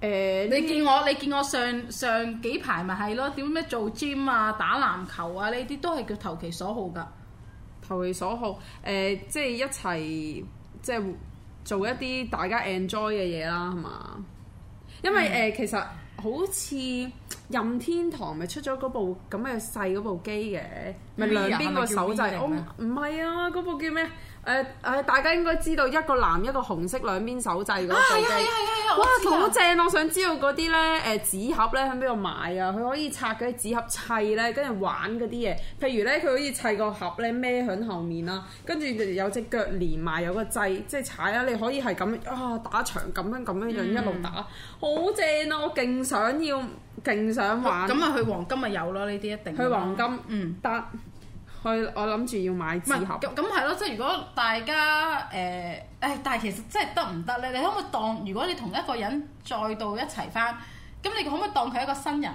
誒，你見我，你見我上上幾排咪係咯？點咩做 gym 啊，打籃球啊呢啲都係叫投其所好噶。投其所好，誒、呃，即係一齊，即係做一啲大家 enjoy 嘅嘢啦，係嘛、嗯？因為誒、呃，其實好似任天堂咪出咗嗰部咁嘅細嗰部機嘅，咪兩邊個手掣、就是，我唔係啊，嗰部叫咩？誒誒、呃，大家應該知道一個藍一個紅色兩邊手掣嗰個機、啊，哇，好正、啊！我想知道嗰啲咧，誒紙盒咧喺邊度買啊？佢可以拆嗰啲紙盒砌咧，跟住玩嗰啲嘢。譬如咧，佢可以砌個盒咧孭響後面啦，跟住有隻腳連埋，有個掣即係踩啦。你可以係咁啊打場咁樣咁樣樣一路打，好正、嗯、啊！我勁想要，勁想玩。咁啊去黃金咪有咯，呢啲一定去黃金，嗯得。我我諗住要買之後咁咁係咯，即係如果大家誒誒、呃哎，但係其實真係得唔得咧？你可唔可以當如果你同一個人再度一齊翻，咁你可唔可以當佢一個新人，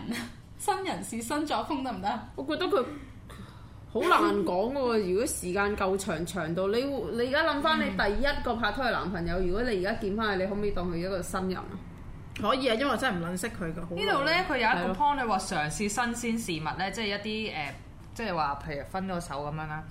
新人事新作風得唔得？行行我覺得佢好難講喎。如果時間夠長長到你，你而家諗翻你第一個拍拖嘅男朋友，嗯、如果你而家見翻你可唔可以當佢一個新人啊？可以啊，因為真係唔認識佢嘅。呢度咧，佢有一個 point，你話了嘗試新鮮事物咧，即係一啲誒。呃即係話，譬如分咗手咁樣啦，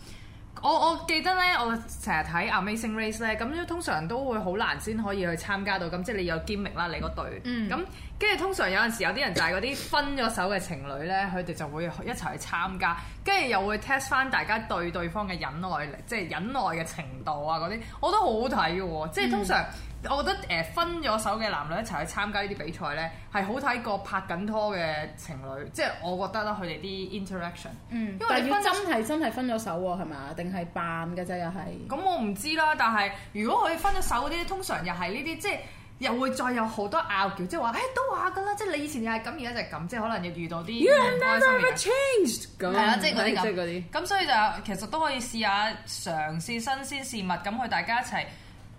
我我記得呢，我成日睇《Amazing Race》呢，咁通常都會好難先可以去參加到，咁即係你有揭密啦，你個隊，咁、嗯。跟住通常有陣時有啲人就係嗰啲分咗手嘅情侶呢，佢哋就會一齊去參加，跟住又會 test 翻大家對對方嘅忍耐，即係忍耐嘅程度啊嗰啲，我覺得好好睇嘅喎。即係通常我覺得誒分咗手嘅男女一齊去參加呢啲比賽呢，係好睇過拍緊拖嘅情侶。即係我覺得咧，佢哋啲 interaction，因為、嗯、但真係真係分咗手喎、啊，係咪？定係扮㗎啫又係？咁、嗯、我唔知啦，但係如果佢分咗手嗰啲，通常又係呢啲即係。又會再有好多拗撬，即係話，誒、欸、都話噶啦，即係你以前又係咁，而家就係咁，即係可能要遇到啲唔開心嘅。You have never changed。係啦，即係嗰啲，即係啲。咁所以就其實都可以試下嘗試新鮮事物，咁去大家一齊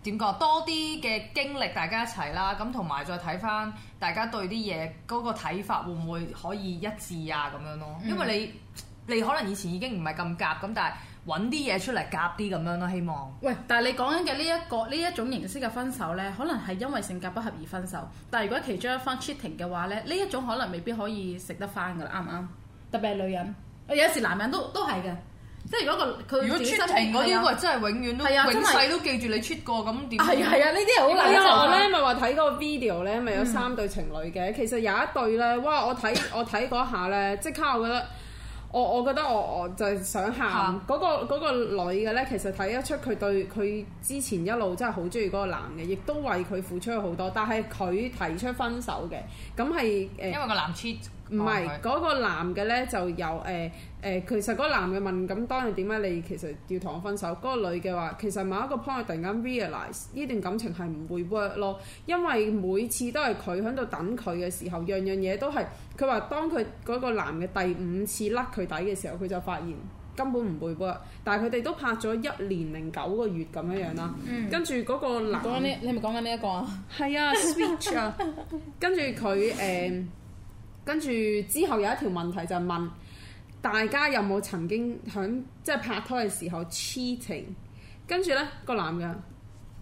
點講，多啲嘅經歷大家一齊啦，咁同埋再睇翻大家對啲嘢嗰個睇法會唔會可以一致啊咁樣咯，因為你、嗯、你可能以前已經唔係咁夾咁，但係。揾啲嘢出嚟夾啲咁樣咯，希望。喂，但係你講緊嘅呢一個呢一種形式嘅分手咧，可能係因為性格不合而分手。但係如果其中一方 cheating 嘅話咧，呢一種可能未必可以食得翻噶啦，啱唔啱？特別係女人、呃。有時男人都都係嘅，即係如果個佢如果 cheating 嗰啲，會真係永遠都、啊、永世都記住你 cheat 過咁點。係啊係啊，啊呢啲係好難。我咧咪話睇嗰個 video 咧，咪有三對情侶嘅。其實有一對咧、嗯，哇！我睇我睇嗰下咧，即刻我覺得。 我我覺得我我就係想喊嗰個嗰個女嘅呢，其實睇得出佢對佢之前一路真係好中意嗰個男嘅，亦都為佢付出咗好多，但係佢提出分手嘅，咁係因為個男 c 唔係嗰個男嘅呢就有誒誒、呃呃。其實嗰個男嘅問：咁當你點解你其實要同我分手？嗰、嗰個女嘅話，其實某一個 point 突然間 realize 呢段感情係唔會 work 咯，因為每次都係佢喺度等佢嘅時候，樣樣嘢都係佢話。當佢嗰個男嘅第五次甩佢底嘅時候，佢就發現根本唔會 work。但係佢哋都拍咗一年零九個月咁樣樣啦。Mm hmm. 跟住嗰個男，你係咪講緊呢一個啊？係啊 speech 啊。 跟住佢誒。呃 跟住之後有一條問題就問大家有冇曾經響即係拍拖嘅時候 cheating，跟住呢個男嘅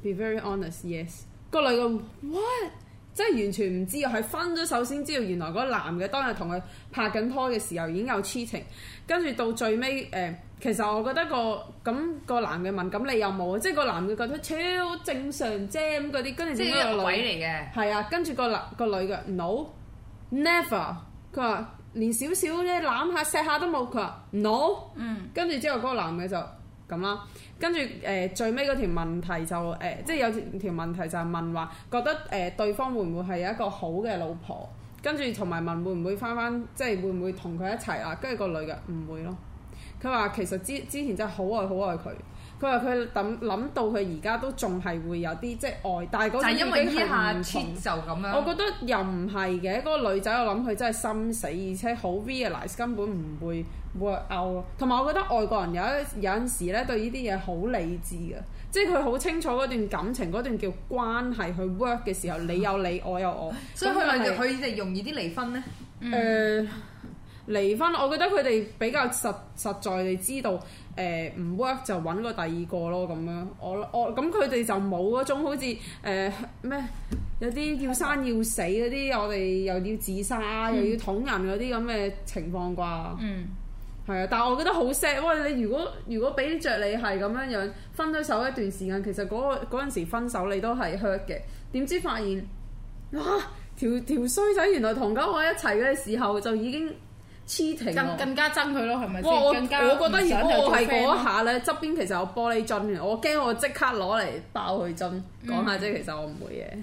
be very honest yes，個女嘅 what，即係完全唔知啊，係分咗手先知道原來嗰男嘅當日同佢拍緊拖嘅時候已經有 cheating，跟住到最尾誒、呃，其實我覺得個咁、嗰個男嘅問咁你有冇即係個男嘅覺得超正常啫咁嗰啲，跟住即係有鬼嚟嘅，係啊，跟住、嗰個男個女嘅 no。Never，佢話連少少嘅攬下錫下都冇，佢話 no。嗯，跟住之後嗰個男嘅就咁啦，跟住誒最尾嗰條問題就誒、呃，即係有條條問題就係問話覺得誒、呃、對方會唔會係一個好嘅老婆，跟住同埋問會唔會返返即係會唔會同佢一齊啊？跟住個女嘅唔會咯，佢話其實之之前真係好愛好愛佢。佢話佢諗諗到佢而家都仲係會有啲即係愛，但係因陣已下就唔同。我覺得又唔係嘅，嗰、嗰個女仔我諗佢真係心死，而且好 realize 根本唔會 work out 咯。同埋我覺得外國人有一有陣時咧對呢啲嘢好理智嘅，即係佢好清楚嗰段感情嗰段叫關係去 work 嘅時候，嗯、你有你，我有我，嗯就是、所以佢咪就佢就容易啲離婚呢。誒、嗯。呃離婚，我覺得佢哋比較實實在地知道，誒、呃、唔 work 就揾個第二個咯咁樣。我我咁佢哋就冇嗰種好似誒咩，有啲要生要死嗰啲，我哋又要自殺、嗯、又要捅人嗰啲咁嘅情況啩。嗯，係啊，但係我覺得好 sad。喂，你如果如果俾着你係咁樣樣分咗手一段時間，其實嗰嗰陣時分手你都係 hurt 嘅。點知發現哇，條條衰仔原來同狗仔一齊嘅時候就已經～黐 Che 更更加憎佢咯，係咪先？更加，我覺得如果我係嗰一下咧，側邊其實有玻璃樽，我驚我即刻攞嚟爆佢樽。講、嗯、下啫，其實我唔會嘅。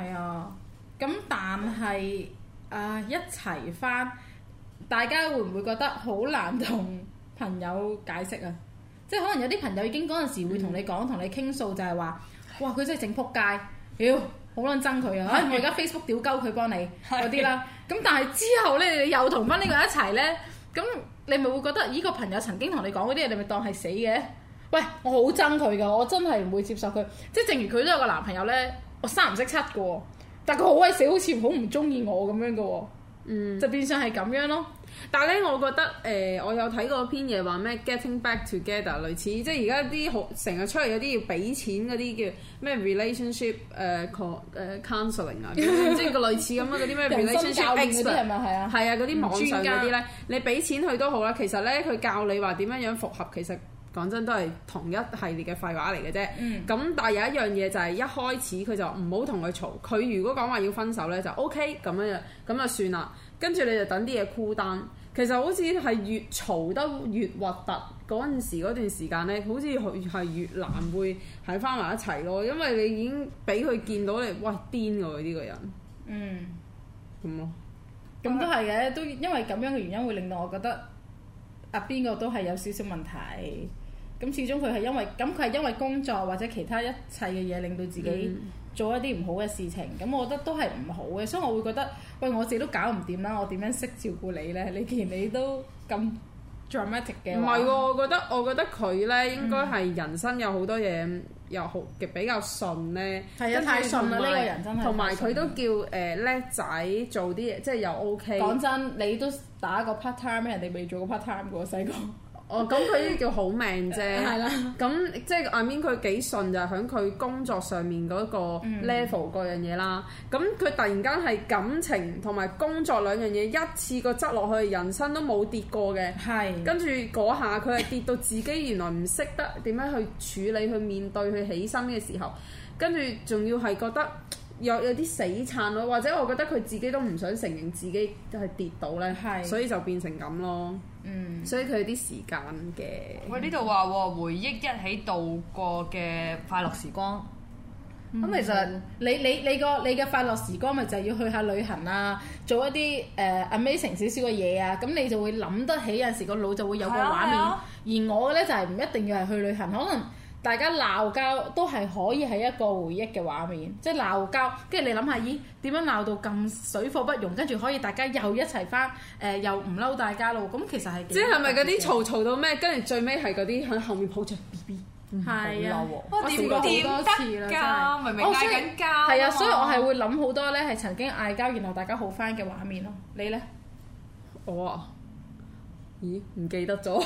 係啊，咁但係啊、呃，一齊返，大家會唔會覺得好難同朋友解釋啊？ 即係可能有啲朋友已經嗰陣時會同你講，同、嗯、你傾訴，就係話：哇，佢真係整撲街，屌好撚憎佢啊！是的 我而家 Facebook 屌鳩佢幫你嗰啲啦。 咁但係之後咧，你又同翻呢個一齊咧，咁你咪會覺得，呢個朋友曾經同你講嗰啲嘢，你咪當係死嘅？喂，我好憎佢噶，我真係唔會接受佢。即係正如佢都有個男朋友咧，我三唔識七嘅喎，但係佢好鬼死，好似好唔中意我咁樣嘅喎，嗯、就變相係咁樣咯。但係咧，我覺得誒、呃，我有睇過篇嘢話咩，getting back together，類似即係而家啲好成日出嚟有啲要俾錢嗰啲叫咩 relationship 誒、呃、c、uh, counseling expert，是是啊，即係個類似咁樣嗰啲咩 relationship e x p 啊？係啊，嗰啲網上嗰啲咧，你俾錢佢都好啦。其實咧，佢教你話點樣樣復合，其實講真都係同一系列嘅廢話嚟嘅啫。嗯。咁但係有一樣嘢就係、是、一開始佢就唔好同佢嘈。佢如果講話要分手咧，就 OK 咁樣樣，咁就算啦。跟住你就等啲嘢 cool 單，其實好似係越嘈得越核突，嗰陣時嗰段時間呢，好似佢係越難會喺翻埋一齊咯，因為你已經俾佢見到你，哇癲㗎呢個人。嗯，咁咯嗎，咁都係嘅，都、啊、因為咁樣嘅原因會令到我覺得阿邊個都係有少少問題，咁始終佢係因為咁，佢係因為工作或者其他一切嘅嘢令到自己、嗯。做一啲唔好嘅事情，咁我覺得都係唔好嘅，所以我會覺得喂我自己都搞唔掂啦。我點樣識照顧你咧？你既然你都咁 dramatic 嘅，唔係喎，我覺得我覺得佢咧應該係人生有好多嘢又好嘅比較順咧，太順啦呢個人真係同埋佢都叫誒叻、嗯呃、仔做啲嘢，即係又 OK。講真，你都打個 part time，人哋未做過 part time 嘅喎，細個。哦，咁佢呢啲叫好命啫，係啦。咁即係阿 Min 佢幾順就係喺佢工作上面嗰個 level 嗰樣嘢啦。咁佢突然間係感情同埋工作兩樣嘢一次個執落去，人生都冇跌過嘅。係是。跟住嗰下佢係跌到自己原來唔識得點樣去處理、 去面對、去起身嘅時候，跟住仲要係覺得。有有啲死撐咯，或者我覺得佢自己都唔想承認自己係跌倒咧，是所以就變成咁咯。嗯、所以佢有啲時間嘅。喂，呢度話喎，回憶一起度過嘅快樂時光。咁其實你你你個你嘅快樂時光咪就要去下旅行啊，做一啲誒、呃、amazing 少少嘅嘢啊，咁你就會諗得起有陣時個腦就會有個畫面。啊啊、而我咧就係、是、唔一定要係去旅行，可能。大家鬧交都係可以係一個回憶嘅畫面，即係鬧交，跟住你諗下，咦，點樣鬧到咁水火不容，跟住可以大家又一齊翻誒又唔嬲大家咯，咁其實係即係咪嗰啲嘈嘈到咩？跟住最尾係嗰啲喺後面抱住 B B 好嬲喎，我見過好多次啦，真係。明明嗌緊交。係、哦、啊，所以、嗯、所以我係會諗好多咧，係曾經嗌交，然後大家好翻嘅畫面咯。你咧？我啊？咦？唔記得咗。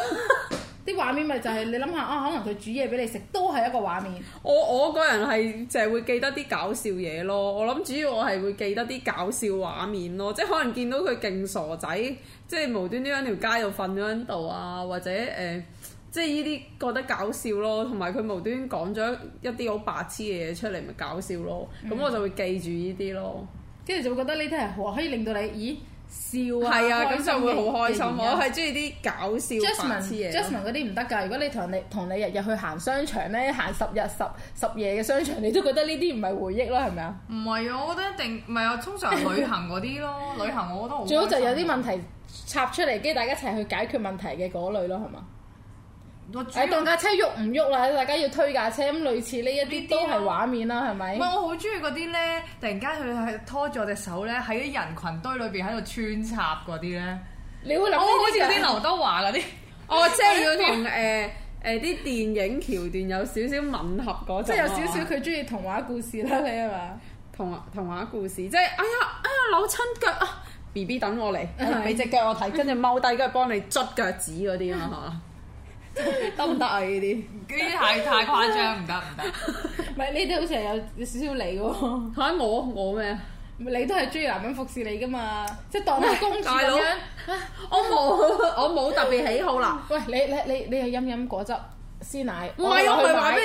啲畫面咪就係你諗下啊，可能佢煮嘢俾你食，都係一個畫面。我我個人係淨係會記得啲搞笑嘢咯，我諗主要我係會記得啲搞笑畫面咯，即係可能見到佢勁傻仔，即係無端端喺條街度瞓咗喺度啊，或者誒、呃，即係呢啲覺得搞笑咯，同埋佢無端端講咗一啲好白痴嘅嘢出嚟，咪搞笑咯，咁、嗯、我就會記住呢啲咯，跟住、嗯、就會覺得呢啲係可可以令到你，咦？笑啊，係啊，咁心就會好開心。我係中意啲搞笑、白痴嘢。Jasmine 嗰啲唔得噶。如果你同你同你日日去行商場咧，行十日十十夜嘅商場，你都覺得呢啲唔係回憶囉，係咪啊？唔係啊，我覺得一定唔係啊。通常旅行嗰啲咯， 旅行我覺得好。最好就有啲問題插出嚟，跟住大家一齊去解決問題嘅嗰類咯，係嘛？我當架車喐唔喐啦，大家要推架車咁，類似呢一啲都係畫面啦，係咪？唔係我好中意嗰啲咧，突然間佢係拖住我隻手咧，喺啲人群堆裏邊喺度穿插嗰啲咧。你會諗好似嗰啲劉德華嗰啲，哦，即係要同誒誒啲電影橋段有少少吻合嗰種。即係有少少佢中意童話故事啦，你係嘛？童話童話故事，即係哎呀哎呀扭親腳啊！B B 等我嚟，你隻腳我睇，跟住踎低跟住幫你捽腳趾嗰啲啊嚇！得唔得啊？呢啲呢啲太太誇張，唔得唔得。唔係呢啲好似係有有少少你喎。嚇我我咩？你都係中意男人服侍你噶嘛？即係當啲公主咁樣。我冇我冇特別喜好啦。喂，你你你你係飲飲果汁鮮奶。我攞去買。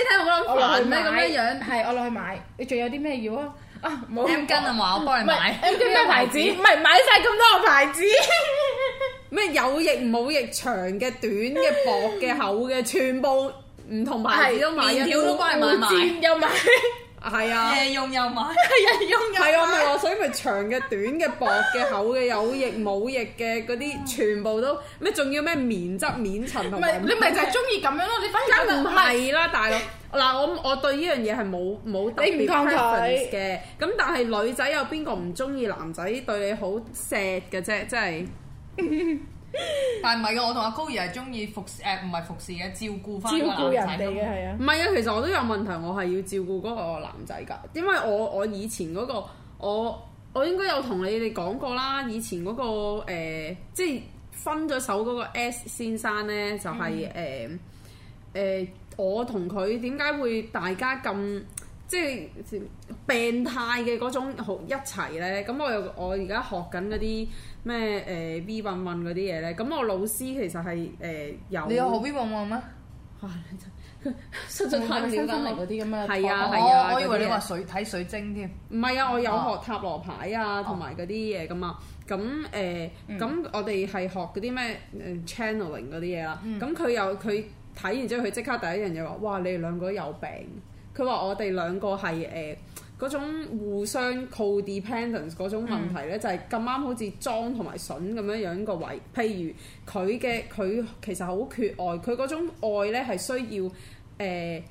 我攞去買。咩咩樣？係我攞去買。你仲有啲咩要啊？啊冇。M 巾啊嘛，我幫你買。M 巾咩牌子？唔係買晒咁多個牌子。咩有翼冇翼，長嘅短嘅，薄嘅厚嘅，全部唔同牌子都買，條都買埋，又買係啊，夜用又買，係日用又買，係我咪落水咪長嘅、短嘅、薄嘅、厚嘅、有翼冇翼嘅嗰啲，全部都咩仲要咩棉質、棉層同埋。你咪就係中意咁樣咯，你反而唔係啦，大佬嗱，我我對呢樣嘢係冇冇特別嘅，咁但係女仔有邊個唔中意男仔對你好錫嘅啫，即係。 但係唔係嘅，我同阿溝兒係中意服誒唔係服侍嘅、呃、照顧翻個男仔嘅，係啊。唔係啊，其實我都有問題，我係要照顧嗰個男仔噶，因為我我以前嗰個我我應該有同你哋講過啦，以前嗰個、呃、即係分咗手嗰個 S 先生咧，就係誒誒我同佢點解會大家咁？即係病態嘅嗰種好一齊咧，咁我又我而家學緊嗰啲咩誒 B 韻韻嗰啲嘢咧，咁我老師其實係誒有。你有學 B 韻韻咩？嚇！失咗太瞭解。係啊係啊，啊啊哦、我以為你話水睇水晶添。唔係啊，我有學塔羅牌啊，同埋嗰啲嘢噶嘛。咁誒咁我哋係學嗰啲咩 channeling 嗰啲嘢啦。咁佢、嗯、又佢睇完之後，佢即刻第一樣嘢話：哇！你哋兩個有病。佢話：我哋兩個係誒嗰種互相 codependence 嗰種問題咧，嗯、就係咁啱好似莊同埋筍咁樣樣一個位。譬如佢嘅佢其實好缺愛，佢嗰種愛咧係需要誒。呃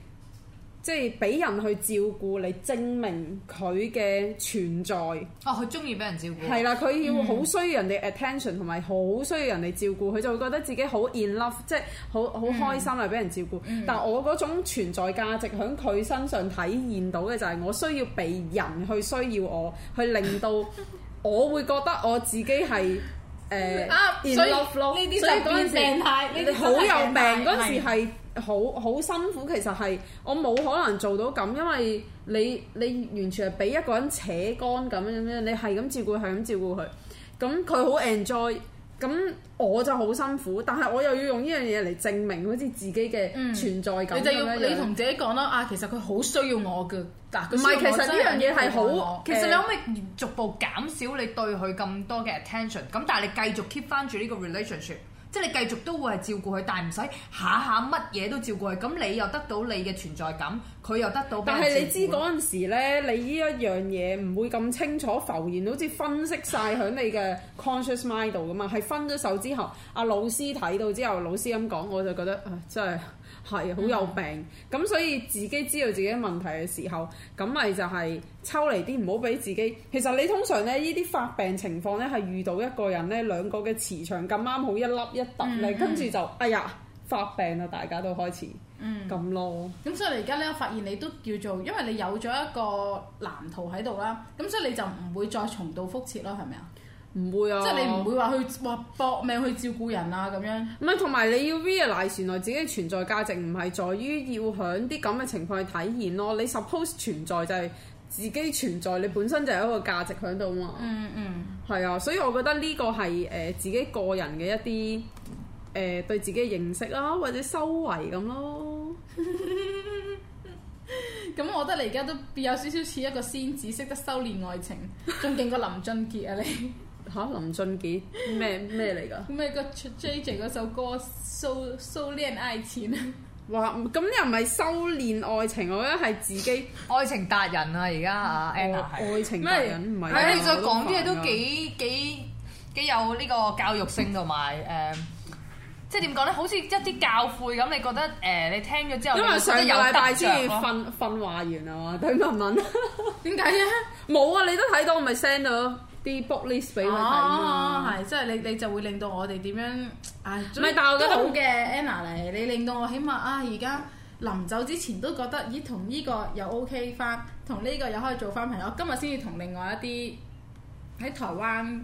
即係俾人去照顧你，證明佢嘅存在。哦，佢中意俾人照顧。係啦，佢要好需要人哋 attention，同埋好需要人哋照顧，佢就會覺得自己好 in love，即係好好開心啊！俾人照顧。嗯、但我嗰種存在價值喺佢身上體現到嘅就係我需要被人去需要我，去令到我會覺得我自己係誒 in love 囉。所以嗰陣時好有病，嗰陣太時係。的好好辛苦，其實係我冇可能做到咁，因為你你完全係俾一個人扯乾咁樣樣，你係咁照顧佢，係咁照顧佢，咁佢好 enjoy，咁我就好辛苦，但係我又要用呢樣嘢嚟證明好似自己嘅存在感咁樣樣、嗯、你就要你同自己講啦，啊其實佢好需要我㗎，嗱唔係其實呢樣嘢係好，其實你可唔可以逐步減少你對佢咁多嘅 attention，咁但係你繼續 keep 翻住呢個 relationship。即係你繼續都會係照顧佢，但係唔使下下乜嘢都照顧佢。咁你又得到你嘅存在感，佢又得到。但係你知嗰陣時呢，你呢一樣嘢唔會咁清楚浮現，好似分析晒喺你嘅 conscious mind 度㗎嘛。係分咗手之後，阿老師睇到之後，老師咁講，我就覺得唉，真係。係好有病咁，嗯、所以自己知道自己問題嘅時候，咁咪就係抽離啲唔好俾自己。其實你通常咧，依啲發病情況咧係遇到一個人咧，兩個嘅磁場咁啱好一粒一凸咧，跟住、嗯、就、嗯、哎呀發病啦！大家都開始咁、嗯、咯。咁所以而家咧，我發現你都叫做因為你有咗一個藍圖喺度啦，咁所以你就唔會再重蹈覆轍咯，係咪啊？唔會啊即會！即係你唔會話去話搏命去照顧人啊，咁樣。唔係同埋你要 realize 原來自己存在價值唔係在於要響啲咁嘅情況去體現咯。你 suppose 存在就係自己存在，你本身就有一個價值喺度啊嘛。嗯嗯，係、嗯、啊，所以我覺得呢個係誒、呃、自己個人嘅一啲誒、呃、對自己嘅認識啦，或者修為咁咯。咁 我覺得你而家都變有少少似一個仙子，識得修煉愛情，仲勁過林俊傑啊你！ 嚇，林俊傑咩咩嚟噶？咩個 J J 嗰首歌《修修煉愛情》啊？哇！咁又唔係修煉愛情，我覺得係自己愛情達人啦，而家啊，Anna 係愛情達人，唔係。你再講啲嘢都幾幾幾有呢個教育性同埋誒，即係點講咧？好似一啲教誨咁，你覺得誒你聽咗之後，因為上嚟大專訓訓話完啊嘛，對唔對？點解嘅？冇啊！你都睇到，我咪 send 咯。啲 booklist 俾佢睇㗎嘛。哦，即係你你就會令到我哋點樣？唉，都好嘅 Anna 嚟，你令到我起碼啊而家臨走之前都覺得，咦同呢個又 OK 翻，同呢個又可以做翻朋友，今日先至同另外一啲喺台灣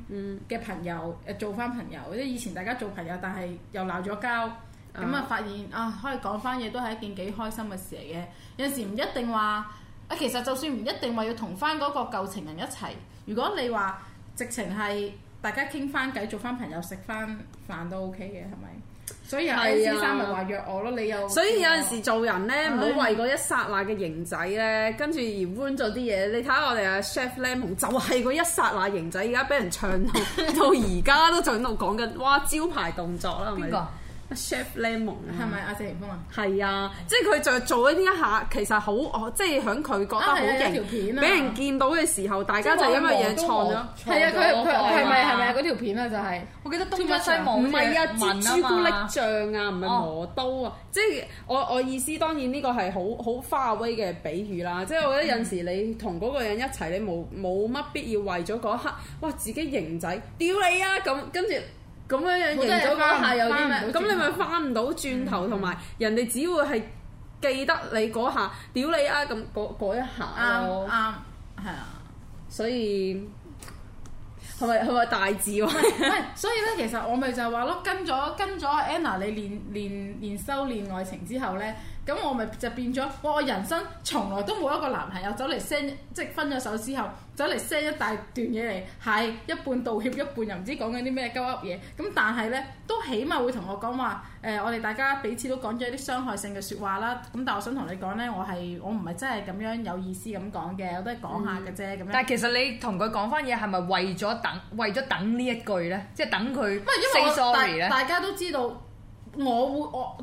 嘅朋友誒做翻朋友，即、嗯、以前大家做朋友但係又鬧咗交，咁啊、嗯、發現啊可以講翻嘢都係一件幾開心嘅事嚟嘅，有陣時唔一定話啊其實就算唔一定話要同翻嗰個舊情人一齊。如果你話直情係大家傾翻偈、做翻朋友、食翻飯都 OK 嘅，係咪？所以阿 C 生咪話約我咯，你又所以有陣時做人咧，唔好、嗯、為個一剎那嘅型仔咧，跟住而搬做啲嘢。你睇下我哋阿 Chef Lemon 就係個一剎那型仔，而家俾人唱到到而家都仲喺度講緊， 哇招牌動作啦，係咪？Chef Lemon 係咪阿謝霆鋒啊？係啊，即係佢就做咗呢一下，其實好即係喺佢覺得好型，俾人見到嘅時候，大家就因為嘢錯咗。係啊，佢佢係咪係咪啊？嗰條片啊，就係我記得東亞西望啊，文啊，朱古力醬啊，唔係磨刀啊。即係我我意思，當然呢個係好好花威嘅比喻啦。即係我覺得有時你同嗰個人一齊，你冇冇乜必要為咗嗰刻，哇！自己型仔屌你啊咁，跟住。咁樣樣贏咗嗰下有啲咩？咁你咪翻唔到轉頭，同埋人哋只會係記得你嗰下屌你啊咁嗰一下，啱啱，係啊，所以係咪係咪大字喎？唔係，所以咧，其實我咪就係話咯，跟咗跟咗 Anna，你練練練修練愛情之後咧。咁我咪就變咗，我我人生從來都冇一個男朋友走嚟 send，即係分咗手之後走嚟 send 一大段嘢嚟，係一半道歉一半又唔知講緊啲咩鳩噏嘢，咁但係咧都起碼會同我講話，誒我哋大家彼此都講咗一啲傷害性嘅説話啦，咁但係我想同你講咧，我係我唔係真係咁樣有意思咁講嘅，我都係講下嘅啫咁樣。但係其實你同佢講翻嘢係咪為咗等為咗等呢一句咧，即係等佢 say sorry 咧？因為大家都知道我會我。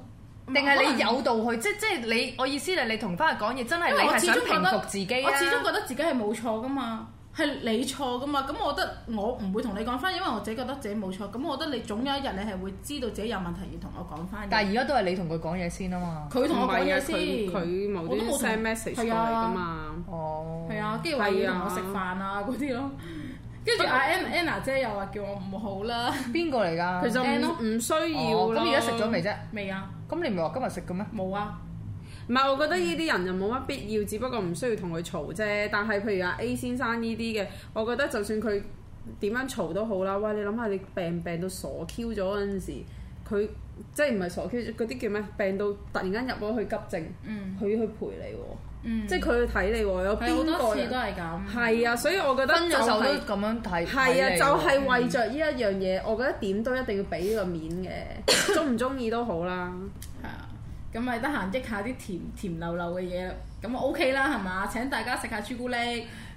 定係你有道去，能即即係你，我意思係你同翻去講嘢，真係你係想平復自己，啊。我始終覺得自己係冇錯噶嘛，係你錯噶嘛。咁我覺得我唔會同你講翻，因為我自己覺得自己冇錯。咁我覺得你總有一日你係會知道自己有問題要，要同我講翻。但係而家都係你同佢講嘢先啊嘛。佢同我講嘢先，佢、啊、無端端 send message 過嚟㗎嘛。係、哦、啊。哦。係啊，跟住話要同我食飯啊嗰啲咯。跟住阿 Anna 姐又話叫我唔好啦。邊個嚟㗎？其實唔唔 Anna? 需要啦。咁而家食咗未啫？未、哦、啊。咁你唔係話今日食嘅咩？冇啊。唔係，我覺得呢啲人又冇乜必要，只不過唔需要同佢嘈啫。但係譬如阿 A 先生呢啲嘅，我覺得就算佢點樣嘈都好啦。喂，你諗下，你病病到傻 Q 咗嗰陣時，佢即係唔係傻 Q？嗰啲叫咩？病到突然間入咗去急症，佢要去陪你喎。嗯即係佢睇你喎，有邊個好多次都係咁。係啊，所以我覺得、就係。分咗手都咁樣睇。係啊，就係、係、為着呢一樣嘢，嗯、我覺得點都一定要俾個面嘅，中唔中意都好啦。係啊、 嗯，咁咪得閒益下啲甜甜溜溜嘅嘢啦。咁 OK 啦，係嘛？請大家食下朱古力，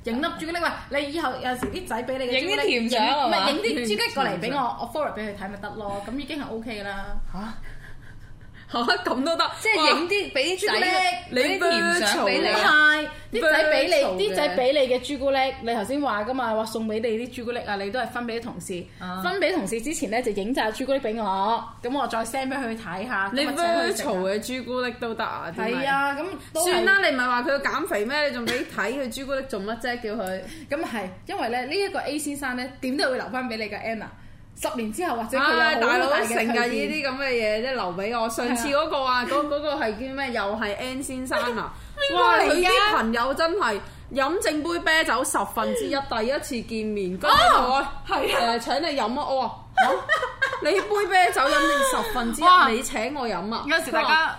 影粒朱古力喂，你以後有時啲仔俾你。影啲甜唔係影啲朱古力過嚟俾我，了我 forward 俾佢睇咪得咯。咁已經係 OK 啦。嚇！嚇！咁都得，即係影啲俾啲朱古力，你 bear 潮俾你，啲仔俾你，啲仔俾你嘅朱古力，你頭先話噶嘛，話送俾你啲朱古力啊，你都係分俾啲同事，分俾同事之前咧就影晒朱古力俾我，咁我再 send 俾佢睇下，你 bear 潮嘅朱古力都得啊，係啊，咁算啦，你唔係話佢要減肥咩？你仲俾睇佢朱古力做乜啫？叫佢咁啊，係，因為咧呢一個 A 先生咧點都係會留翻俾你噶，Anna。十年之後或者佢有好大嘅改變，哎、大佬成嘅呢啲咁嘅嘢，即係留俾我上次嗰個啊，嗰嗰、 嗰個係叫咩？又係 N 先生啊！ 哇，哇你啲朋友真係飲正杯啤酒十分之一，第一次見面。就是、啊，係、呃、啊，誒請你飲啊，哦，好、 哦，你杯啤酒飲定十分之一，哇你請我飲啊，時大家。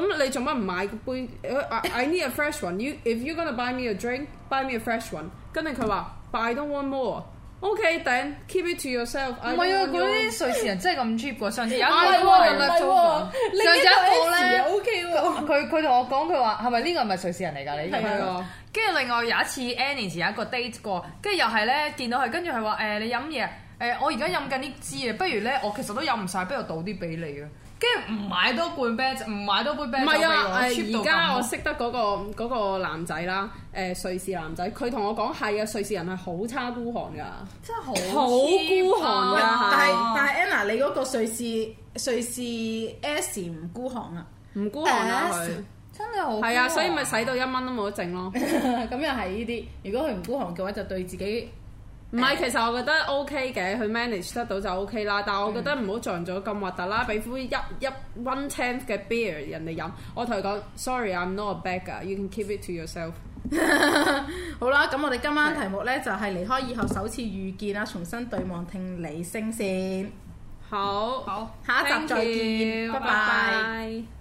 咁你做乜唔買杯？I need a fresh one. You, if you gonna buy me a drink, buy me a fresh one。跟住佢話，But I don't want more. Okay，keep it to yourself、啊。唔係喎，嗰啲瑞士人真係咁 cheap 喎，上次有一個又甩樽，上次有一個咧，佢佢同我講，佢話係咪呢個唔係瑞士人嚟㗎？你係啊。跟住吧另外有一次 N 年前有一個 date 過，跟住又係咧見到佢，跟住佢話誒你飲嘢誒，我而家飲緊啲支啊，不如咧我其實都飲唔晒，不如倒啲俾你啊。跟住唔買多罐啤，唔買多杯啤就俾我。唔係啊，而家我識得嗰個嗰個男仔啦，誒、呃、瑞士男仔，佢同我講係啊，瑞士人係好差孤寒㗎，真係好，好孤寒㗎、啊啊。但係但係 Anna，你嗰個瑞士瑞士 S 唔孤寒啊，唔孤寒啊佢，S？佢。真係好孤寒啊。係啊，所以咪使到一蚊都冇得剩咯。咁又係呢啲，如果佢唔孤寒嘅話，就對自己。唔係，其實我覺得 OK 嘅，佢 manage 得到就 OK 啦。但係我覺得唔好撞咗咁核突啦。俾杯一一 one tenth 嘅 beer 人哋飲，我同佢講：Sorry，I'm not a beggar，you can keep it to yourself。 好啦，咁我哋今晚題目呢對就係離開以後首次遇見啊，重新對望聽你聲線。好，好，下一集再見，拜拜。